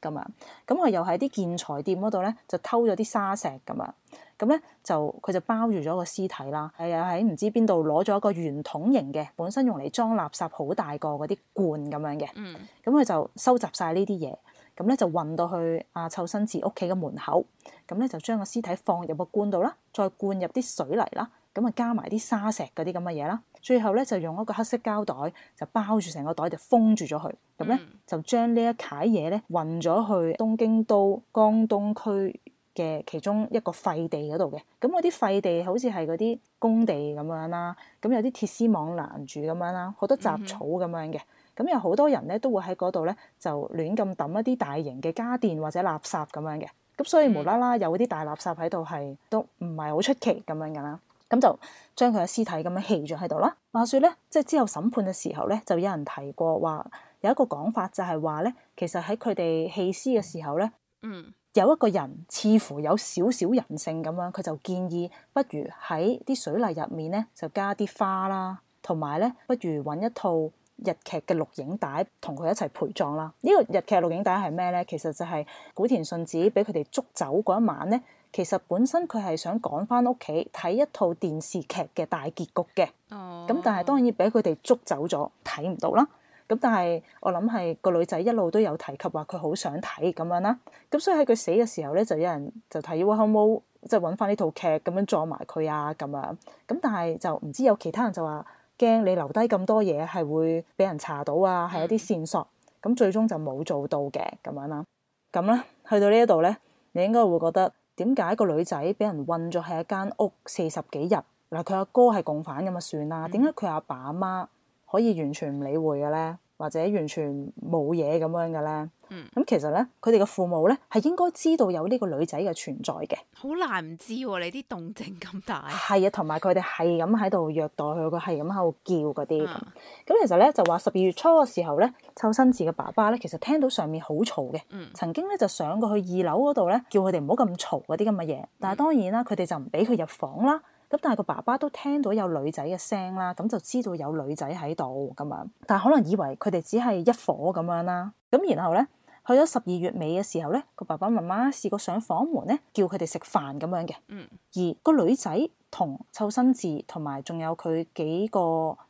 Speaker 1: 咁啊。咁佢、mm hmm. 又喺啲建材店嗰度咧，就偷咗啲沙石咁啊。咁咧就佢就包住咗個屍體啦，係啊，喺唔知邊度攞咗一個圓筒形嘅，本身用嚟裝垃圾好大個嗰啲罐咁樣嘅。嗯、mm。咁、hmm. 佢就收集晒呢啲嘢，咁咧就運到去阿、啊、湊新治屋企嘅門口，咁咧就將個屍體放入個罐度啦，再灌入啲水泥啦，咁啊加埋啲沙石嗰啲咁嘅嘢啦。最後咧就用一個黑色膠袋就包住成個袋就封住咗佢，咁咧就將呢一楷嘢咧運咗去東京都江東區嘅其中一個廢地嗰度嘅。咁嗰啲廢地好似係嗰啲工地咁樣啦，咁有啲鐵絲網攔住咁樣啦，好多雜草咁樣嘅。咁有好多人咧都會喺嗰度咧就亂咁抌一啲大型嘅家電或者垃圾咁樣嘅。咁所以無啦啦有啲大垃圾喺度係都唔係好出奇咁樣㗎啦。咁就將佢嘅屍體咁樣棄咗喺度啦。話說咧，即係之後審判嘅時候咧，就有人提過話，有一個講法就係話咧，其實喺佢哋棄屍嘅時候咧，嗯，有一個人似乎有少少人性咁樣，佢就建議不如喺啲水泥入面咧就加啲花啦，同埋咧不如揾一套日劇嘅錄影帶同佢一齊陪葬啦。呢個日劇錄影帶係咩咧？其實就係古田信子俾佢哋捉走嗰一晚咧。其實本身佢係想趕翻屋企睇一套電視劇嘅大結局嘅，咁、oh. 但係當然俾佢哋捉走咗，睇唔到啦。咁但係我諗係個女仔一路都有提及話佢好想睇咁樣啦、啊。咁、嗯、所以喺佢死嘅時候咧，就有人就提，會好即係揾翻呢套劇咁樣撞埋佢啊咁樣啊。咁、嗯、但係就唔知有其他人就話驚你留低咁多嘢係會俾人查到啊，係有啲線索。咁、嗯嗯、最終就冇做到嘅咁樣啦、啊。咁咧、啊、去到呢一度咧，你應該會覺得。點解個女仔俾人困咗喺一間屋四十幾日？嗱，佢阿哥係共犯咁啊，算啦。點解佢阿爸阿媽可以完全唔理會嘅咧？或者完全冇嘢咁樣嘅啦。嗯，咁其實咧，佢哋嘅父母咧係應該知道有呢個女仔嘅存在嘅，
Speaker 2: 好難唔知喎、啊，你啲動靜咁大，
Speaker 1: 係啊，同埋佢哋係咁喺度虐待佢，佢係咁喺度叫嗰啲咁，咁、嗯、其實咧就話十二月初嘅時候咧，湊伸治嘅爸爸咧，其實聽到上面好嘈嘅，嗯，曾經咧就上過去二樓嗰度咧，叫佢哋唔好咁嘈嗰啲咁嘅嘢，但係當然啦，佢哋就唔俾佢入房啦。咁但係個爸爸都聽到有女仔嘅聲啦，咁就知道有女仔喺度咁啊。但係可能以為佢哋只係一伙咁樣啦。咁然後咧去咗十二月尾嘅時候咧，個爸爸媽媽試過上房門咧叫佢哋食飯咁樣嘅。嗯，而個女仔同湊伸治同埋仲有佢幾個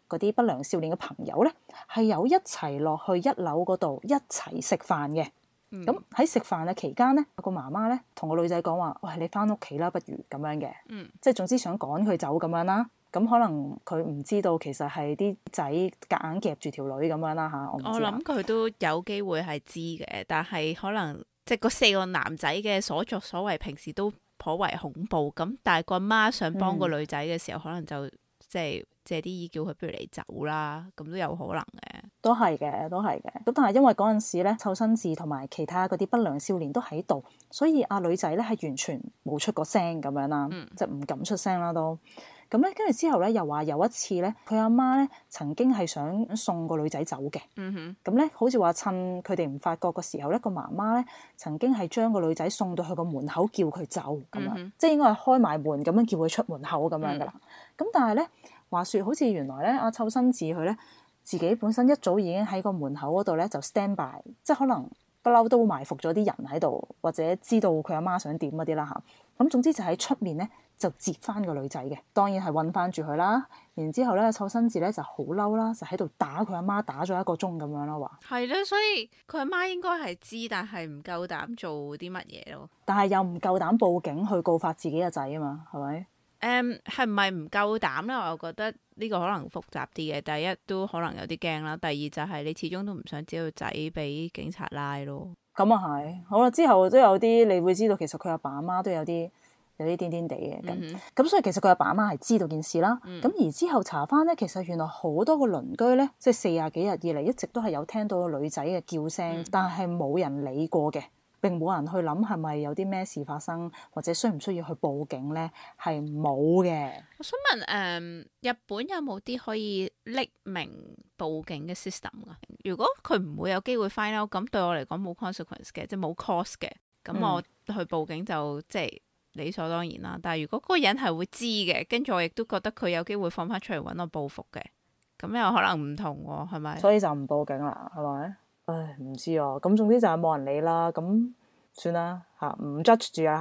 Speaker 1: 嗰啲不良少年嘅朋友咧，係有一齊落去一樓嗰度一齊食飯嘅。咁喺食飯嘅期間咧，個媽媽咧同個女仔講話，喂，你返屋企啦，不如咁樣嘅，即係、嗯、總之想趕佢走咁樣啦。咁可能佢唔知道其實係啲仔夾硬夾住條女咁樣啦嚇。我我諗
Speaker 2: 佢都有機會係知嘅，但係可能即係、就是、四個男仔嘅所作所為，平時都頗為恐怖咁。但係個媽媽想幫個女仔嘅時候，嗯、可能就即係。就是借啲意叫佢不如你走啦，咁都有可能嘅，
Speaker 1: 都係嘅，都係嘅。咁但係因為嗰陣時咧，湊伸治同埋其他嗰啲不良少年都喺度，所以阿女仔咧係完全冇出個聲咁樣啦，就唔、嗯、敢出聲啦。都咁咧，跟住之後咧，又話有一次咧，佢阿媽咧曾經係想送個女仔走嘅，咁咧、嗯哼嗯、好似話趁佢哋唔發覺嘅時候咧，個媽媽咧曾經係將個女仔送到佢個門口叫佢走咁樣，嗯、哼即係應該係開埋門咁樣叫佢出門口咁樣噶啦。咁、嗯、但係咧。話説，好似原來咧，阿湊伸治佢咧自己本身一早已經喺個門口嗰度咧就 stand by，即係可能不嬲都埋伏咗啲人喺度，或者知道佢阿媽，媽想點嗰啲啦嚇。咁總之就喺出面咧就截翻個女仔嘅，當然係韞翻住佢啦。然之後咧，湊伸治咧就好嬲啦，就喺度打佢阿媽，媽，打咗一個鐘咁樣咯話。
Speaker 2: 係啦，所以佢阿媽應該係知，但係唔夠膽做啲乜嘢咯。
Speaker 1: 但係又唔夠膽報警去告發自己嘅仔啊嘛，係咪？
Speaker 2: 誒係唔係唔夠膽咧？我又覺得呢個可能複雜啲嘅。第一都可能有啲驚啦。第二就係你始終都唔想知道仔俾警察拉咯。
Speaker 1: 咁啊係，好啦，之後都有啲你會知道，其實佢阿爸阿媽都有啲有啲癲癲地嘅。咁咁、mm hmm. 所以其實佢阿爸阿媽係知道件事啦。咁、mm hmm. 而之後查翻咧，其實原來好多個鄰居咧，即係四廿幾日以嚟一直都係有聽到個女仔嘅叫聲，mm hmm. 但係冇人理過嘅。並冇人去諗係咪有啲咩事發生，或者需唔需要去報警呢？係冇嘅。
Speaker 2: 我想問，誒、嗯，日本有冇啲可以匿名報警嘅 system 噶？如果佢唔會有機會 find out，咁對我嚟講冇 consequence 嘅，即係冇 cost 嘅，咁我去報警就、嗯、即係理所當然啦。但係如果嗰個人係會知嘅，跟住我亦都覺得佢有機會
Speaker 1: 放翻出嚟搵我報復嘅，咁又可能唔同喎，係咪？所以就唔報警啦，係咪？唉，唔知啊，咁總之就係冇人理啦，咁算啦吓，唔 judge 住啊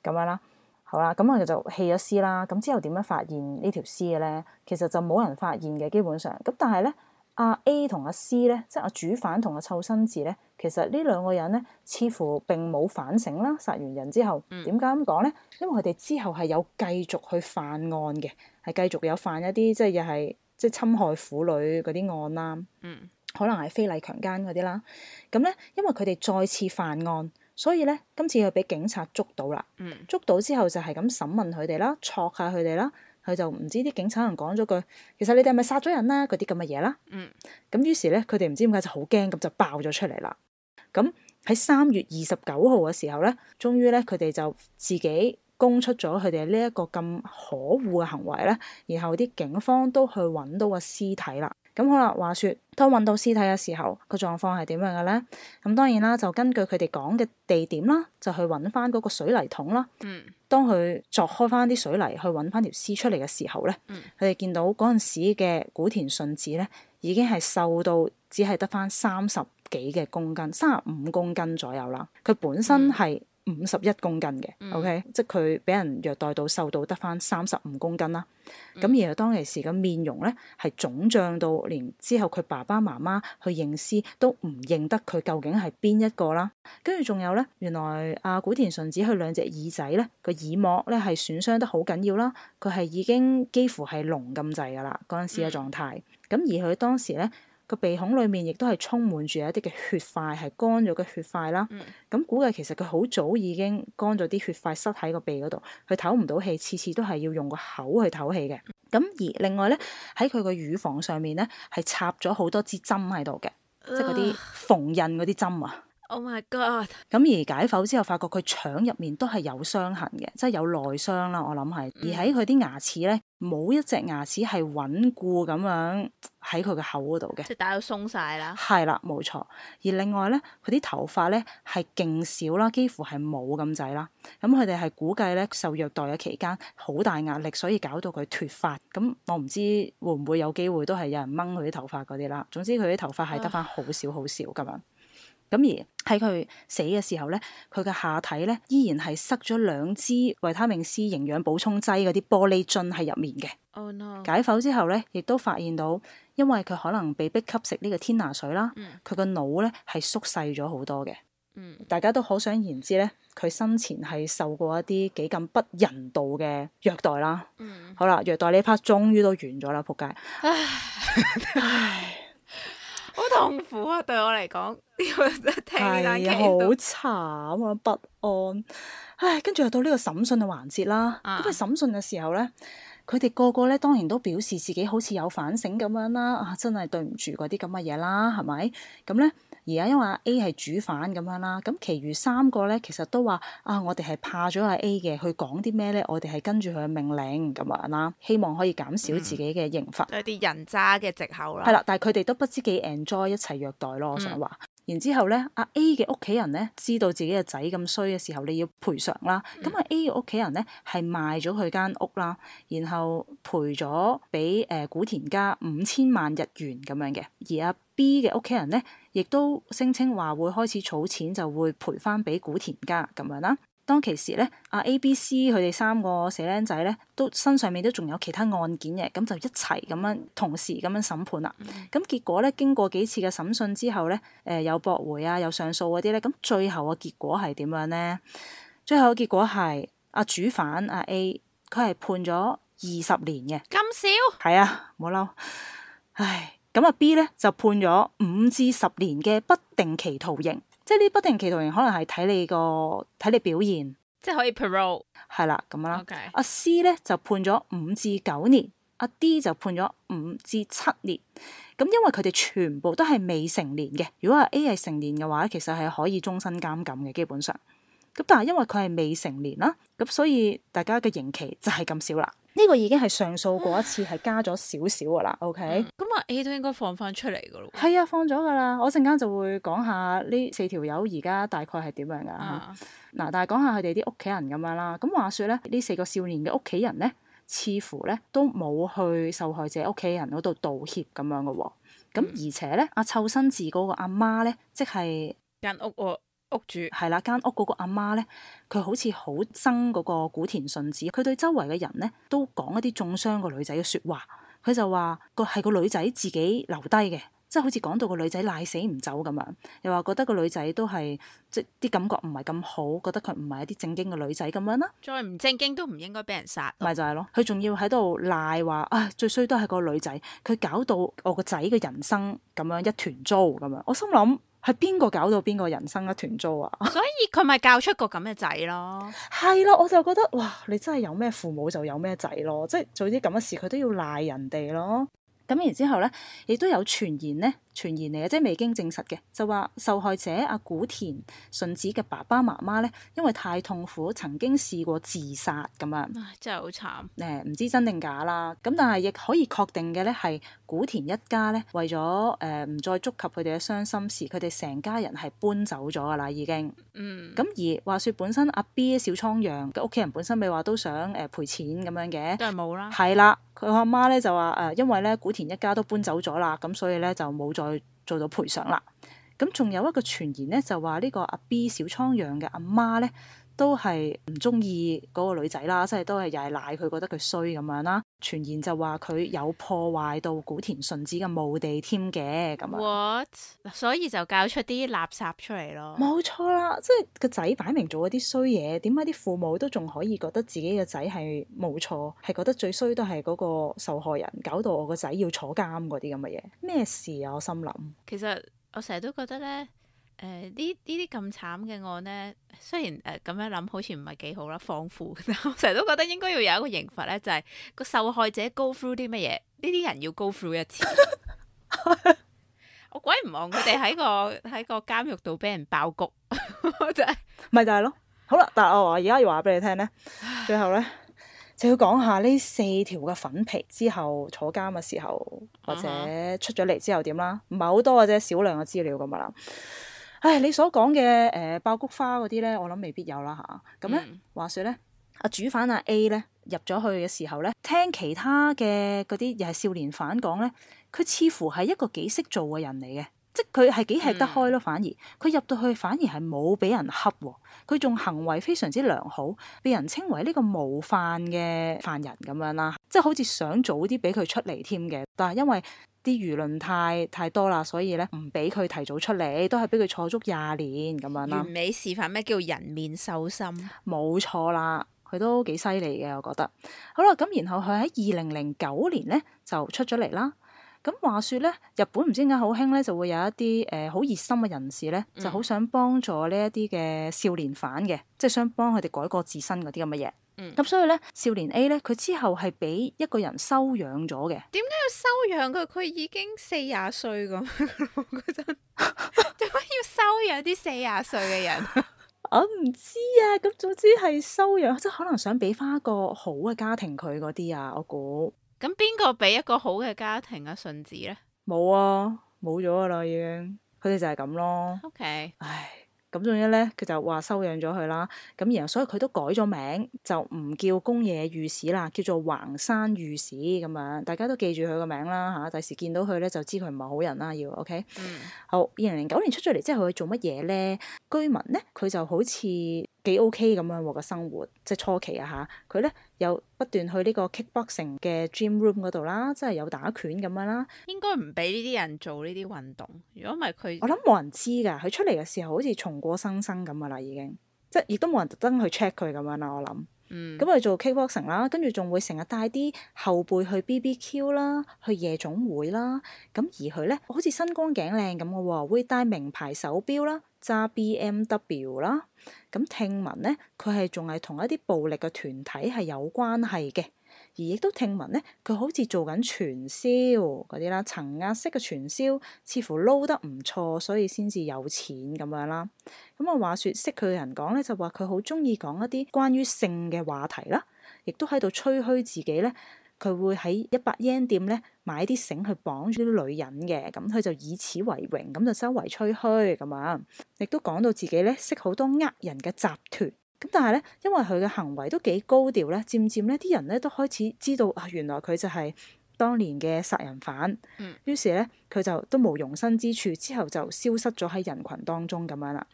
Speaker 1: 吓，咁樣啦，好啦，咁啊就棄咗屍啦，咁之後點樣發現呢條屍嘅咧？其實就冇人發現嘅，基本上，咁但係咧，阿 A 同阿 C 咧，即係阿主犯同阿臭身字咧，其實呢兩個人咧，似乎並冇反省啦，殺完人之後，點解咁講咧？因為佢哋之後係有繼續去犯案嘅，係繼續有犯一啲即係又係即係侵害婦女嗰啲案啦。嗯可能係非禮強姦嗰啲啦，咁咧，因為佢哋再次犯案，所以咧今次佢俾警察捉到啦。嗯，捉到之後就係咁審問佢哋啦，戳下佢哋啦，佢就唔知啲警察人講咗句，其實你哋係咪殺咗人啦、啊？嗰啲咁嘅嘢啦。嗯，咁於是咧，佢哋唔知點解就好驚咁就爆咗出嚟啦。咁喺三月二十九號嘅時候咧，終於咧佢哋就自己供出咗佢哋呢一個咁可惡嘅行為咧，然後啲警方都去揾到個屍體啦。咁好啦，話說當揾到屍體嘅時候，個狀況係點樣嘅咧？咁當然啦，就根據佢哋講嘅地點啦，就去揾翻嗰個水泥桶啦。嗯。當佢鑿開翻啲水泥去揾翻條屍出嚟嘅時候咧，佢哋、嗯、見到嗰陣時嘅古田順子咧，已經係瘦到只係得翻三十幾嘅公斤，三十五公斤左右啦。佢本身係，五十一公斤嘅、嗯、，OK，即係佢俾人虐待到瘦到得翻三十五公斤啦。咁、嗯、而又當其時個面容咧係腫脹到，連之後佢爸爸媽媽去認屍都唔認得佢究竟係邊一個啦。跟住仲有咧，原來阿古田順子佢兩隻耳仔咧個耳膜咧係損傷得好緊要啦。佢係已經幾乎係聾咁滯噶啦，嗰陣時嘅狀態。咁、嗯、而佢當時咧。個鼻孔裏面亦都係充滿住有一啲嘅血塊，係乾咗嘅血塊啦。咁、嗯、估計其實佢好早已經乾咗啲血塊塞喺個鼻嗰度，佢唞唔到氣，次次都係要用個口去唞氣嘅。咁、嗯、而另外咧，喺佢個乳房上面咧係插咗好多支針喺度嘅，即係嗰啲縫印嗰啲針啊。
Speaker 2: Oh my god！
Speaker 1: 咁而解剖之後，發覺佢腸入面都係有傷痕嘅，即係有內傷啦。我諗係、嗯、而喺佢啲牙齒咧，冇一隻牙齒係穩固咁樣喺佢嘅口嗰度嘅，即係打到鬆晒啦。係啦，冇錯。而另外咧，佢啲頭髮咧係勁少啦，幾乎係冇咁仔啦。咁佢哋係估計咧受虐待嘅期間好大壓力，所以搞到佢脱髮。咁我唔知會唔會有機會都係有人掹佢啲頭髮嗰啲啦。總之佢啲頭髮係得翻好少好少咁樣。 咁而喺佢死嘅時候咧，佢嘅下體咧依然係塞咗兩支維他命 C 營養補充劑嗰啲玻璃樽喺入面嘅。
Speaker 2: Oh, no！解
Speaker 1: 剖之後咧，亦都發現到，因為佢可能被逼吸食呢個天拿水啦，佢個、mm. 腦咧係縮細咗好多嘅。嗯，mm. 大家都可想而知咧，佢生前係受過一啲幾咁不人道嘅虐待啦。嗯，mm. 好啦，虐待呢 part 終於都完咗啦，仆街！
Speaker 2: 唉。 好 痛苦啊！對我嚟講，呢 個聽完都好
Speaker 1: 慘啊，不安。唉，跟住又到呢個審訊嘅環節啦。咁啊，審訊嘅時候咧，佢哋個個咧當然都表示自己好似有反省咁樣啦。啊，真係對唔住嗰啲咁嘅嘢啦，係咪？咁咧。而家因為阿 A 係主犯咁樣啦，咁其餘三個咧，其實都話啊，我哋係怕咗阿 A 嘅，去講啲咩咧？我哋係跟住佢嘅命令咁樣啦，希望可以減少自己嘅刑罰。嗯、有
Speaker 2: 啲人渣嘅藉口啦。係啦，
Speaker 1: 但係佢哋都不知幾 enjoy 一齊虐待咯。我想話，嗯、然之後咧，阿 A 嘅屋企人咧知道自己嘅仔咁衰嘅時候，你要賠償啦。咁啊、嗯、A 嘅屋企人咧係賣咗佢間屋啦，然後賠咗俾誒古田家五千萬日元咁樣嘅，而家、啊…… B 嘅屋企人咧，亦都聲稱話會開始儲錢，就會賠翻俾古田家咁樣啦。當其時咧，阿 A、B、C 佢哋三個死僆仔咧，都身上面都仲有其他案件嘅，咁就一齊咁樣同時咁樣審判啦。咁、嗯、結果咧，經過幾次嘅審訊之後咧，誒、呃，有駁回啊，有上訴嗰啲咧，咁最後嘅結果係點樣咧？最後嘅結果係阿主犯阿 A，佢係判咗二十年嘅。咁少？係啊，冇嬲，唉。咁阿 B 咧就判咗五至十年嘅不定期徒刑，即係呢不定期徒刑可能係睇你個睇你表現，即係可以 parole，係啦咁啦。阿 Okay。C 咧就判咗五至九年，阿 D 就判咗五至七年。咁因為佢哋全部都係未成年嘅，如果阿 A 係成年嘅話，其實係可以終身監禁嘅基本上。咁但係因為佢係未成年啦，咁所以大家嘅刑期就係咁少啦。呢個已經係上訴過一次，嗯，係加咗少少噶啦。OK，
Speaker 2: 咁啊、嗯、A 都應該放翻出嚟噶咯。
Speaker 1: 係啊，放咗噶啦。我陣間就會講下呢四條友而家大概係點樣噶嚇。嗱、啊啊，但係講下佢哋啲屋企人咁樣啦。咁話說咧，呢四個少年嘅屋企人咧，似乎咧都冇去受害者屋企人嗰度道歉咁樣噶喎。咁而且咧，阿、嗯啊、湊伸治嗰個阿媽咧，即係間屋屋主係啦，間屋嗰個阿媽咧，佢好似好憎嗰個古田順子，佢對周圍嘅人咧都講一啲中傷個女仔嘅說話，佢就話個係個女仔自己留低嘅，即係好似講到個女仔賴死唔走咁樣，又話覺得個女仔都係即啲感覺唔係咁好，覺得佢唔係一啲正經嘅女仔咁樣啦。
Speaker 2: 再唔正經都唔應該俾人殺，咪
Speaker 1: 就係咯，佢仲要喺度賴話啊，最衰都係個女仔，佢搞到我個仔嘅人生咁樣一團糟咁樣，我心諗。係邊個搞到邊個人生一團糟啊？
Speaker 2: 所以佢咪教出個咁嘅仔咯？
Speaker 1: 係咯， 我就覺得哇，你真係有咩父母就有咩仔咯，即係做啲咁嘅事，佢都要賴人哋咯。咁然之後咧，亦都有傳言咧，傳言嚟啊，即係未經證實嘅，就話受害者阿古田順子嘅爸爸媽媽咧，因為太痛苦，曾經試過自殺咁樣！真係好慘誒，嗯，唔知真定假啦。咁但係亦可以確定嘅咧，係古田一家咧，為咗誒唔再觸及佢哋嘅傷心事，佢哋成家人係搬走咗噶啦，已經。嗯。咁而話說本身阿 B 小倉陽嘅屋企人本身咪話都想誒賠錢咁樣嘅，都係冇啦，係啦。佢阿媽咧就話誒，因為咧古田一家都搬走咗啦，咁所以咧就冇再做到賠償啦。咁仲有一個傳言咧，就話呢個阿 B 小倉讓嘅阿媽咧，都係唔中意嗰個女仔啦，即係都係又係賴佢，覺得佢衰咁樣啦。傳言就話佢有破壞到古田順子嘅墓地添嘅咁樣。
Speaker 2: What？所以就教出啲垃圾出嚟咯。
Speaker 1: 冇錯啦，即係個仔擺明做一啲衰嘢，點解啲父母都仲可以覺得自己嘅仔係冇錯，係覺得最衰都係嗰個受害人，搞到我個仔要坐監嗰啲咁嘅嘢，咩事啊？我心諗。
Speaker 2: 其實我成日都覺得咧。誒，呃、這這呢呢啲咁慘嘅案咧，雖然誒咁、呃、樣諗好似唔係幾好啦，放虎，我成日都覺得應該要有一個刑罰咧，就係個受害者 go through 啲乜嘢，呢啲人要 go through 一次，我鬼唔望佢哋喺個喺個監獄度俾人爆谷，
Speaker 1: 咪就係咯，好啦，但係我話而家要話俾你聽咧，最後咧就要講下呢四條嘅粉皮之後坐監嘅時候或者出咗嚟之後點啦，唔係好多或者少量嘅資料咁噶啦。唉，你所講嘅，誒爆菊花嗰啲咧，我諗未必有啦嚇。咁、啊、咧、嗯、話説咧，阿主反主犯阿 A 咧入咗去嘅時候咧，聽其他嘅嗰啲又係少年犯講咧，佢似乎係一個幾識做嘅人嚟嘅。即佢係幾吃得開咯，反而佢入到去反而係冇俾人恰喎，佢仲行為非常之良好，被人稱為呢個模範嘅犯人咁樣啦。即係好似想早啲俾佢出嚟添嘅，但係因為啲輿論太太多啦，所以咧唔俾佢提早出嚟，都係俾佢坐足廿年咁樣啦。完美示範咩叫人面獸心？冇錯啦，佢都幾犀利嘅，我覺得。好啦，咁然後佢喺二零零九年咧就出咗嚟啦。咁話說咧，日本唔知點解好興咧，就會有一啲誒好熱心嘅人士咧，嗯、就好想幫助呢一啲嘅少年犯嘅，即係想幫佢哋改過自身嗰啲咁嘅嘢。咁、嗯、所以咧，少年 A 咧，佢之後係俾一個人收養咗嘅。
Speaker 2: 點解要收養佢？佢已經四十歲咁嗰陣，做 乜 要收養啲四十歲嘅人
Speaker 1: 我唔知啊。咁總之係收養，即係可能想俾翻一個好嘅家庭佢嗰啲啊。我估。
Speaker 2: 咁邊個俾一個好嘅家庭啊，順子咧？
Speaker 1: 冇啊，冇咗噶啦已經，佢哋就係咁咯。OK，唉，咁仲有咧，佢就話收養咗佢啦。咁然後所以佢都改咗名，就唔叫宮野裕史啦，叫做橫山裕史咁樣。大家都記住佢個名啦吓，第時見到佢咧就知佢唔係好人啦要。OK，嗯，好。二零零九年出咗嚟之後佢做乜嘢咧？居民咧佢就好似。幾 OK 咁樣喎個生活，即係初期啊吓。佢咧有不斷去呢個 kickboxing 嘅 gym room 嗰度啦，即係有打拳咁樣啦。
Speaker 2: 應該唔俾呢啲人做呢啲運動，如果唔係佢，我諗冇
Speaker 1: 人知㗎。佢出嚟嘅時候好似重過新生咁㗎、嗯、啦，已經即係亦都冇人特登去 check 佢咁樣啦。我諗，嗯，咁佢做 kickboxing 啦，跟住仲會成日帶啲後輩去 BBQ 啦，去夜總會啦，咁而佢咧好似身光頸靚咁嘅喎，會戴名牌手錶啦。揸 BMW 啦，咁聽聞咧，佢係仲係同一啲暴力嘅團體係有關係嘅，而亦都聽聞咧，佢好似做緊傳銷嗰啲啦，層壓式嘅傳銷，傳銷似乎撈得唔錯，所以先至有錢咁樣啦。咁啊話説識佢嘅人講咧，就話佢好中意講一啲關於性嘅話題啦，亦都喺度吹噓自己咧。佢會喺一百英店咧買啲繩去綁住啲女人嘅，咁佢就以此為榮，咁就周圍吹噓咁啊！亦都講到自己咧識好多呃人嘅集團，咁但係咧，因為佢嘅行為都幾高調咧，漸漸咧啲人咧都開始知道啊，原來佢就係當年嘅殺人犯。嗯，於是咧佢就都冇容身之處，之後就消失咗喺人群當中咁樣啦。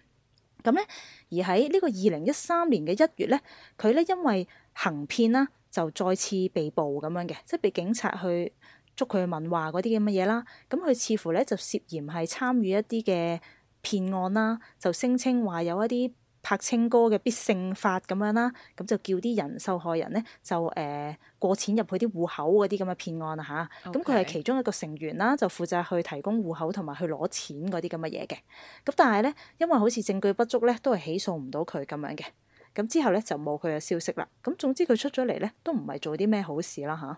Speaker 1: 咁咧而喺呢個二零一三年嘅一月咧，佢咧因為行騙啦、啊。就再次被捕咁樣嘅，即係被警察去捉佢去問話嗰啲咁嘅嘢啦。咁佢似乎咧就涉嫌係參與一啲嘅騙案啦，就聲稱話有一啲柏青哥嘅必勝法咁樣啦。咁就叫啲人受害人咧就誒、呃、過錢入去啲戶口嗰啲咁嘅騙案啊嚇。咁佢係其中一個成員啦，就負責去提供戶口同埋去攞錢嗰啲咁嘅嘢嘅。咁但係咧，因為好似證據不足咧，都係起訴唔到佢咁樣嘅。咁之後咧就冇佢嘅消息啦。咁總之佢出咗嚟咧都唔係做啲咩好事啦嚇，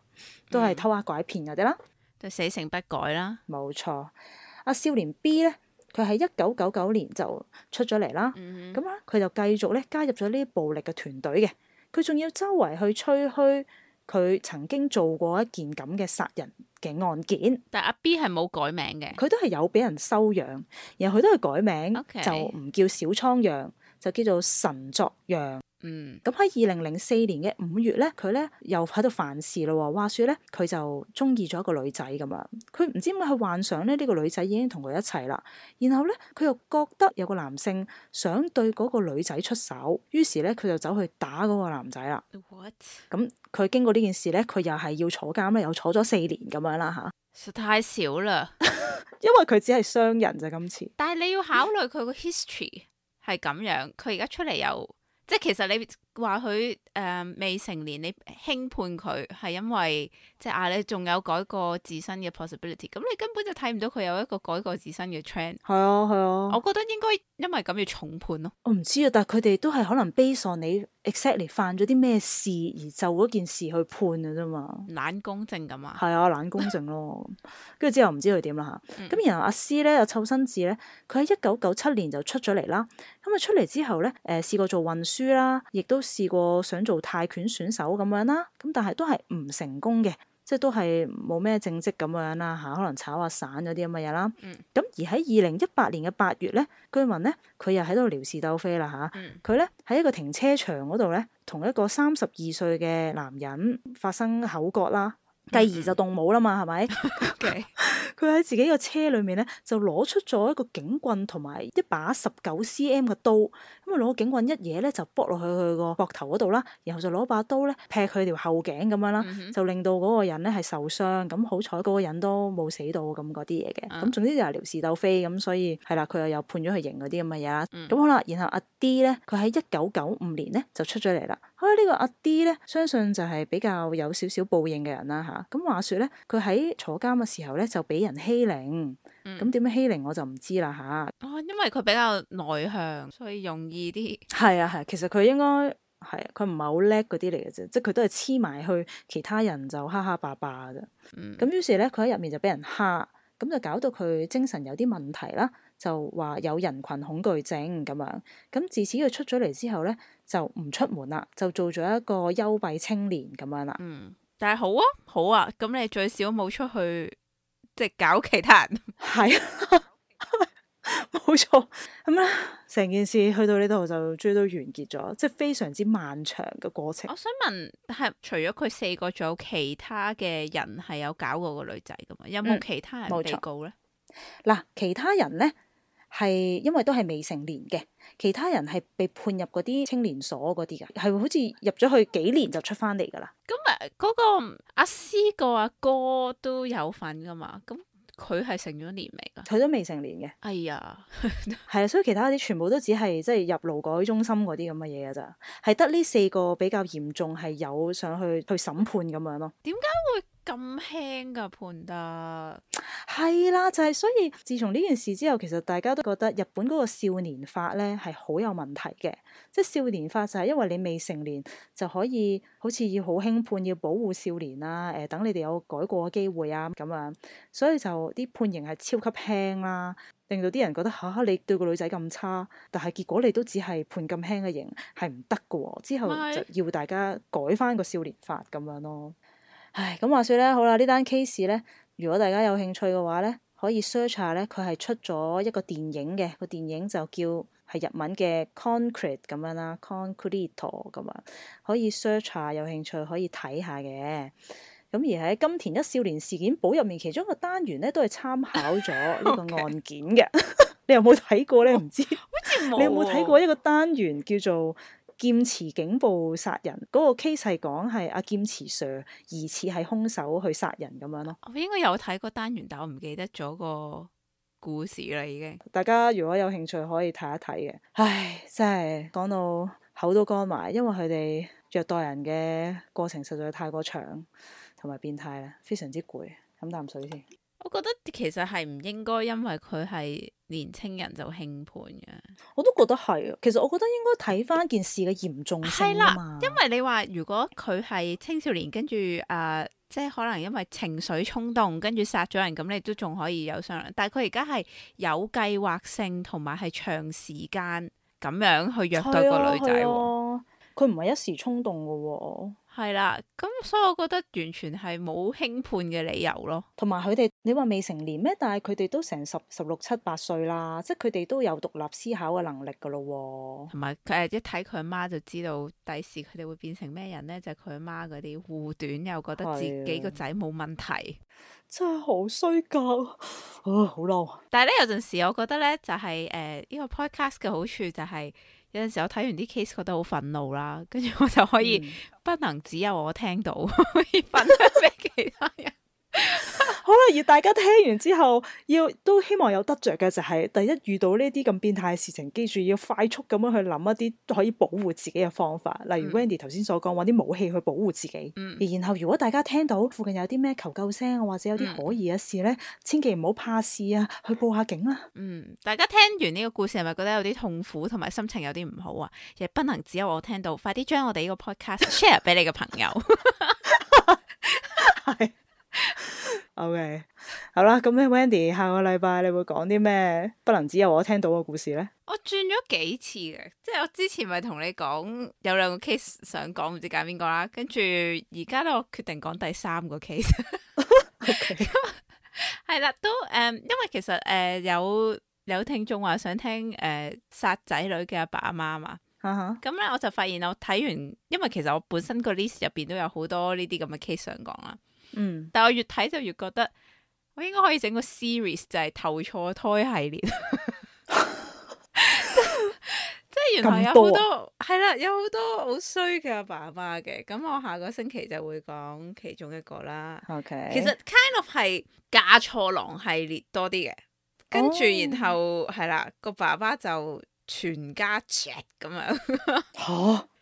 Speaker 1: 都係偷下拐騙嗰啲啦，都死性不改啦，冇錯。阿少年 B 咧，佢喺一九九九年就出咗嚟啦。咁咧佢就繼續咧加入咗呢啲暴力嘅團隊嘅，佢仲要周圍去吹噓佢曾經做過一件咁嘅殺人嘅案件。但阿 B 係冇改名嘅，佢都係有俾人收養，然後佢都係改名，Okay 就唔叫小倉讓。就叫做神作樣，嗯，咁喺二零零四年嘅五月咧，佢咧又喺度犯事咯，話說咧佢就中意咗一個女仔咁樣，佢唔知點解佢幻想咧呢個女仔已經同佢一齊啦，然後咧佢又覺得有個男性想對嗰個女仔出手，於是咧佢就走去打嗰個男仔啦。What？咁佢經過呢件事咧，佢又係要坐監咧，又坐咗四年咁樣啦吓，啊、實太少啦， 因為佢只係傷人咋今次。
Speaker 2: 但係你要考慮佢個 history。 係咁樣，佢而家出嚟又，即係其實你。話佢誒未成年，你輕判佢係因為即係啊，你仲有改過自身嘅 possibility，咁你根本就睇唔到佢有一個改過自身嘅 trend。
Speaker 1: 係啊，係啊，啊我
Speaker 2: 覺得應該因為咁要重判咯。
Speaker 1: 我唔知啊，但係佢哋都係可能 base on 你 exactly 犯咗啲咩事而就嗰件事去判嘅啫嘛，懶公正咁啊，係啊，懶公正咯。跟住 之後唔知佢點啦嚇。咁、嗯、然後阿師咧，阿臭新字咧，佢喺一九九七年就出咗嚟啦。咁啊出嚟之後咧，誒試過做運輸啦，亦都。 試過想做泰拳選手咁樣啦，咁但係都係唔成功嘅，即係都係冇咩正職咁樣啦吓，可能炒下散嗰啲咁嘅嘢啦。咁、嗯、而喺二零一八年嘅八月咧，居民咧佢又喺度撩事鬥非啦吓，佢咧喺一個停車場嗰度咧，同一個三十二歲嘅男人發生口角啦。繼而就動武啦嘛，係咪？佢喺 Okay. 自己個車裏面咧，就攞出咗一個警棍同埋一把十九 cm 嘅刀，咁啊攞警棍一嘢咧就卜落去佢個膊頭嗰度啦，然後就攞把刀咧劈佢條後頸咁樣啦，mm hmm. 就令到嗰個人咧係受傷。咁好彩嗰個人都冇死到咁嗰啲嘢嘅。咁、uh huh. 總之就係撩是鬥非咁，所以係啦，佢又又判咗佢刑嗰啲咁嘅嘢啦。咁、mm hmm. 好啦，然後阿 D 咧，佢喺一九九五年咧就出咗嚟啦。咁呢個阿 D 咧，相信就係比較有少少報應嘅人啦嚇。咁話說咧，佢喺坐監嘅時候咧，就俾人欺凌。咁點、嗯、樣欺凌我就唔知啦吓。
Speaker 2: 啊，因為佢比較內向，所以容易啲。
Speaker 1: 係啊係、啊，其實佢應該係佢唔係好叻嗰啲嚟嘅啫，即係佢都係黐埋去其他人就蝦蝦霸霸嘅啫。咁於、嗯、是咧，佢喺入面就俾人蝦，咁就搞到佢精神有啲問題啦，就話有人群恐懼症咁樣。咁自此佢出咗嚟之後咧，就唔出門啦，就做咗一個隱蔽青年咁樣啦。嗯。但係好啊，
Speaker 2: 好啊，咁你最少冇出去，即係搞其他人，係
Speaker 1: 冇錯咁啦。成、嗯、件事去到呢度就終於都完結咗，即係非常之漫長嘅過程。我想
Speaker 2: 問，係除咗佢四個，仲有其他嘅人係有搞過個女仔噶嘛？有冇其他人被告咧？
Speaker 1: 嗱、嗯，其他人咧。係因為都係未成年嘅，其他人係被判入嗰啲青年所嗰啲嘅，係好似入咗去幾年就出翻嚟噶啦。
Speaker 2: 咁誒，嗰、嗰個阿思個阿哥都有份噶嘛？咁佢係成咗年未
Speaker 1: 噶？佢都未成年嘅。哎呀，係 啊，所以其他啲全部都只係即係入勞改中心嗰啲咁嘅嘢噶咋，係得呢四個比較嚴重係有上去去審判咁樣咯。
Speaker 2: 點解會？咁輕㗎判
Speaker 1: 得係啦，就係、是、所以自從呢件事之後，其實大家都覺得日本嗰個少年法咧係好有問題嘅。即係少年法就係因為你未成年就可以好似要好輕判，要保護少年啊，誒、呃、等你哋有改過嘅機會啊咁樣，所以就啲判刑係超級輕啦、啊，令到啲人覺得嚇、啊、你對個女仔咁差，但係結果你都只係判咁輕嘅刑係唔得㗎喎。之後就要大家改返個少年法咁樣咯。 唉，咁話說咧，好啦，呢單 case 咧，如果大家有興趣嘅話咧，可以 search 下咧，佢係出咗一個電影嘅，個電影就叫係日文嘅 Concrete 咁樣啦，Concrete 咁樣，可以 search 下，有興趣可以睇下嘅。咁而喺金田一少年事件簿入面，其中一個單元咧都係參考咗呢個案件嘅。 Okay. 你有冇睇過咧？唔知。 好似冇。
Speaker 2: 你有冇睇過
Speaker 1: 一個單元叫做？劍持警部殺人嗰個 case 係講係阿劍持 Sir 疑似係兇手去殺人咁樣咯。
Speaker 2: 我應該有睇過個單元，但我唔記得咗個故事啦。已經
Speaker 1: 大家如果有興趣可以睇一睇嘅。唉，真係講到口都乾埋，因為佢哋虐待人嘅過程實在太過長同埋變態啦，非常之攰。飲啖水先。
Speaker 2: 我覺得其實係唔應該，因為佢係。年青人就輕判嘅，
Speaker 1: 我都覺得係啊。其實我覺得應該睇翻件事嘅嚴重性啊嘛。
Speaker 2: 因為你話如果佢係青少年跟住誒，即係可能因為情緒衝動，跟住殺咗人，咁你都仲可以有商量。但係佢而家係有計劃性同埋係長時間咁樣去虐待個女仔。
Speaker 1: 佢唔係一時衝動嘅喎，哦，係啦，咁所以我覺得完全係冇輕判嘅理由咯。同埋佢哋，你話未成年咩？但係佢哋都成十十六七八歲啦，即係佢哋都有獨立思考嘅能力噶咯。同埋，誒、呃，一睇佢阿媽就知道，第時佢哋
Speaker 2: 會變成咩人咧？就係佢阿媽嗰啲護短又覺得自己個仔冇問題，
Speaker 1: 真係好衰格啊！好嬲。
Speaker 2: 但係咧，有陣時我覺得咧，就係誒呢個 podcast 嘅好處就係、是。有陣時候我睇完啲 case 覺得好憤怒啦，跟住我就可以、嗯、不能只有我聽到，可以分享俾其
Speaker 1: 他人。 好啦，而大家聽完之後，要都希望有得着嘅就係，第一遇到呢啲咁變態嘅事情，記住要快速咁樣去諗一啲可以保護自己嘅方法，例如 Wendy 頭先所講話啲武器去保護自己。嗯，然後如果大家聽到附近有啲咩求救聲啊，或者有啲可疑嘅事呢，千祈唔好怕事啊，去報下警啦。嗯，大家聽完呢
Speaker 2: 個故事係咪覺得有啲痛苦，同埋心情有啲唔好啊？亦不能只有我聽到，快啲將我哋呢個 podcast share 俾你嘅
Speaker 1: 朋友。 o、okay. K，好啦，咁咧，Wendy，下個禮拜你會講啲咩不能只有我聽到嘅故事咧？
Speaker 2: 我轉咗幾次嘅，即係我之前咪同你講有兩個 case 想講，唔知揀邊個啦。跟住而家咧，我決定講第三個 case。O K，係啦，都誒、嗯，因為其實誒、呃、有有聽眾話想聽誒、呃、殺仔女嘅阿爸阿媽啊嘛。咁咧、uh huh. 嗯，我就發現我睇完，因為其實我本身個 list 入邊都有好多呢啲咁嘅 case 想講啦。嗯，但我越睇就越覺得，我應該可以整個 series 就係投錯胎系列， 即係原來有好多係啦，有好多好衰嘅爸爸嘅。咁我下個星期就會講其中一個啦。OK，其實 kind of 係嫁錯郎系列多啲嘅，跟住然後係啦，個、oh. 爸爸就全家 check 咁樣。
Speaker 1: 吓，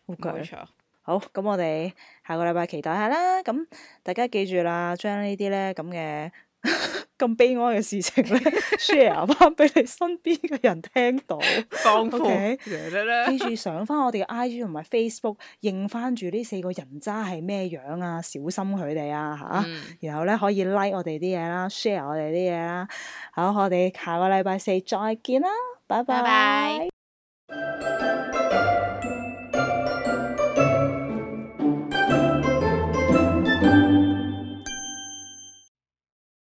Speaker 1: 冇、okay. 錯。好，咁我哋下個禮拜期，期待下啦。咁大家記住啦，將呢啲咧咁嘅咁悲哀嘅事情咧 share 翻俾你身邊嘅人聽到，當 Okay，記記住上翻我哋嘅 IG 同埋 Facebook，認翻住呢四個人渣係咩樣啊？小心佢哋啊！吓、啊，嗯、然後咧可以 like 我哋啲嘢啦，share 我哋啲嘢啦。好，我哋下個禮拜四再見啦，拜拜。Bye bye。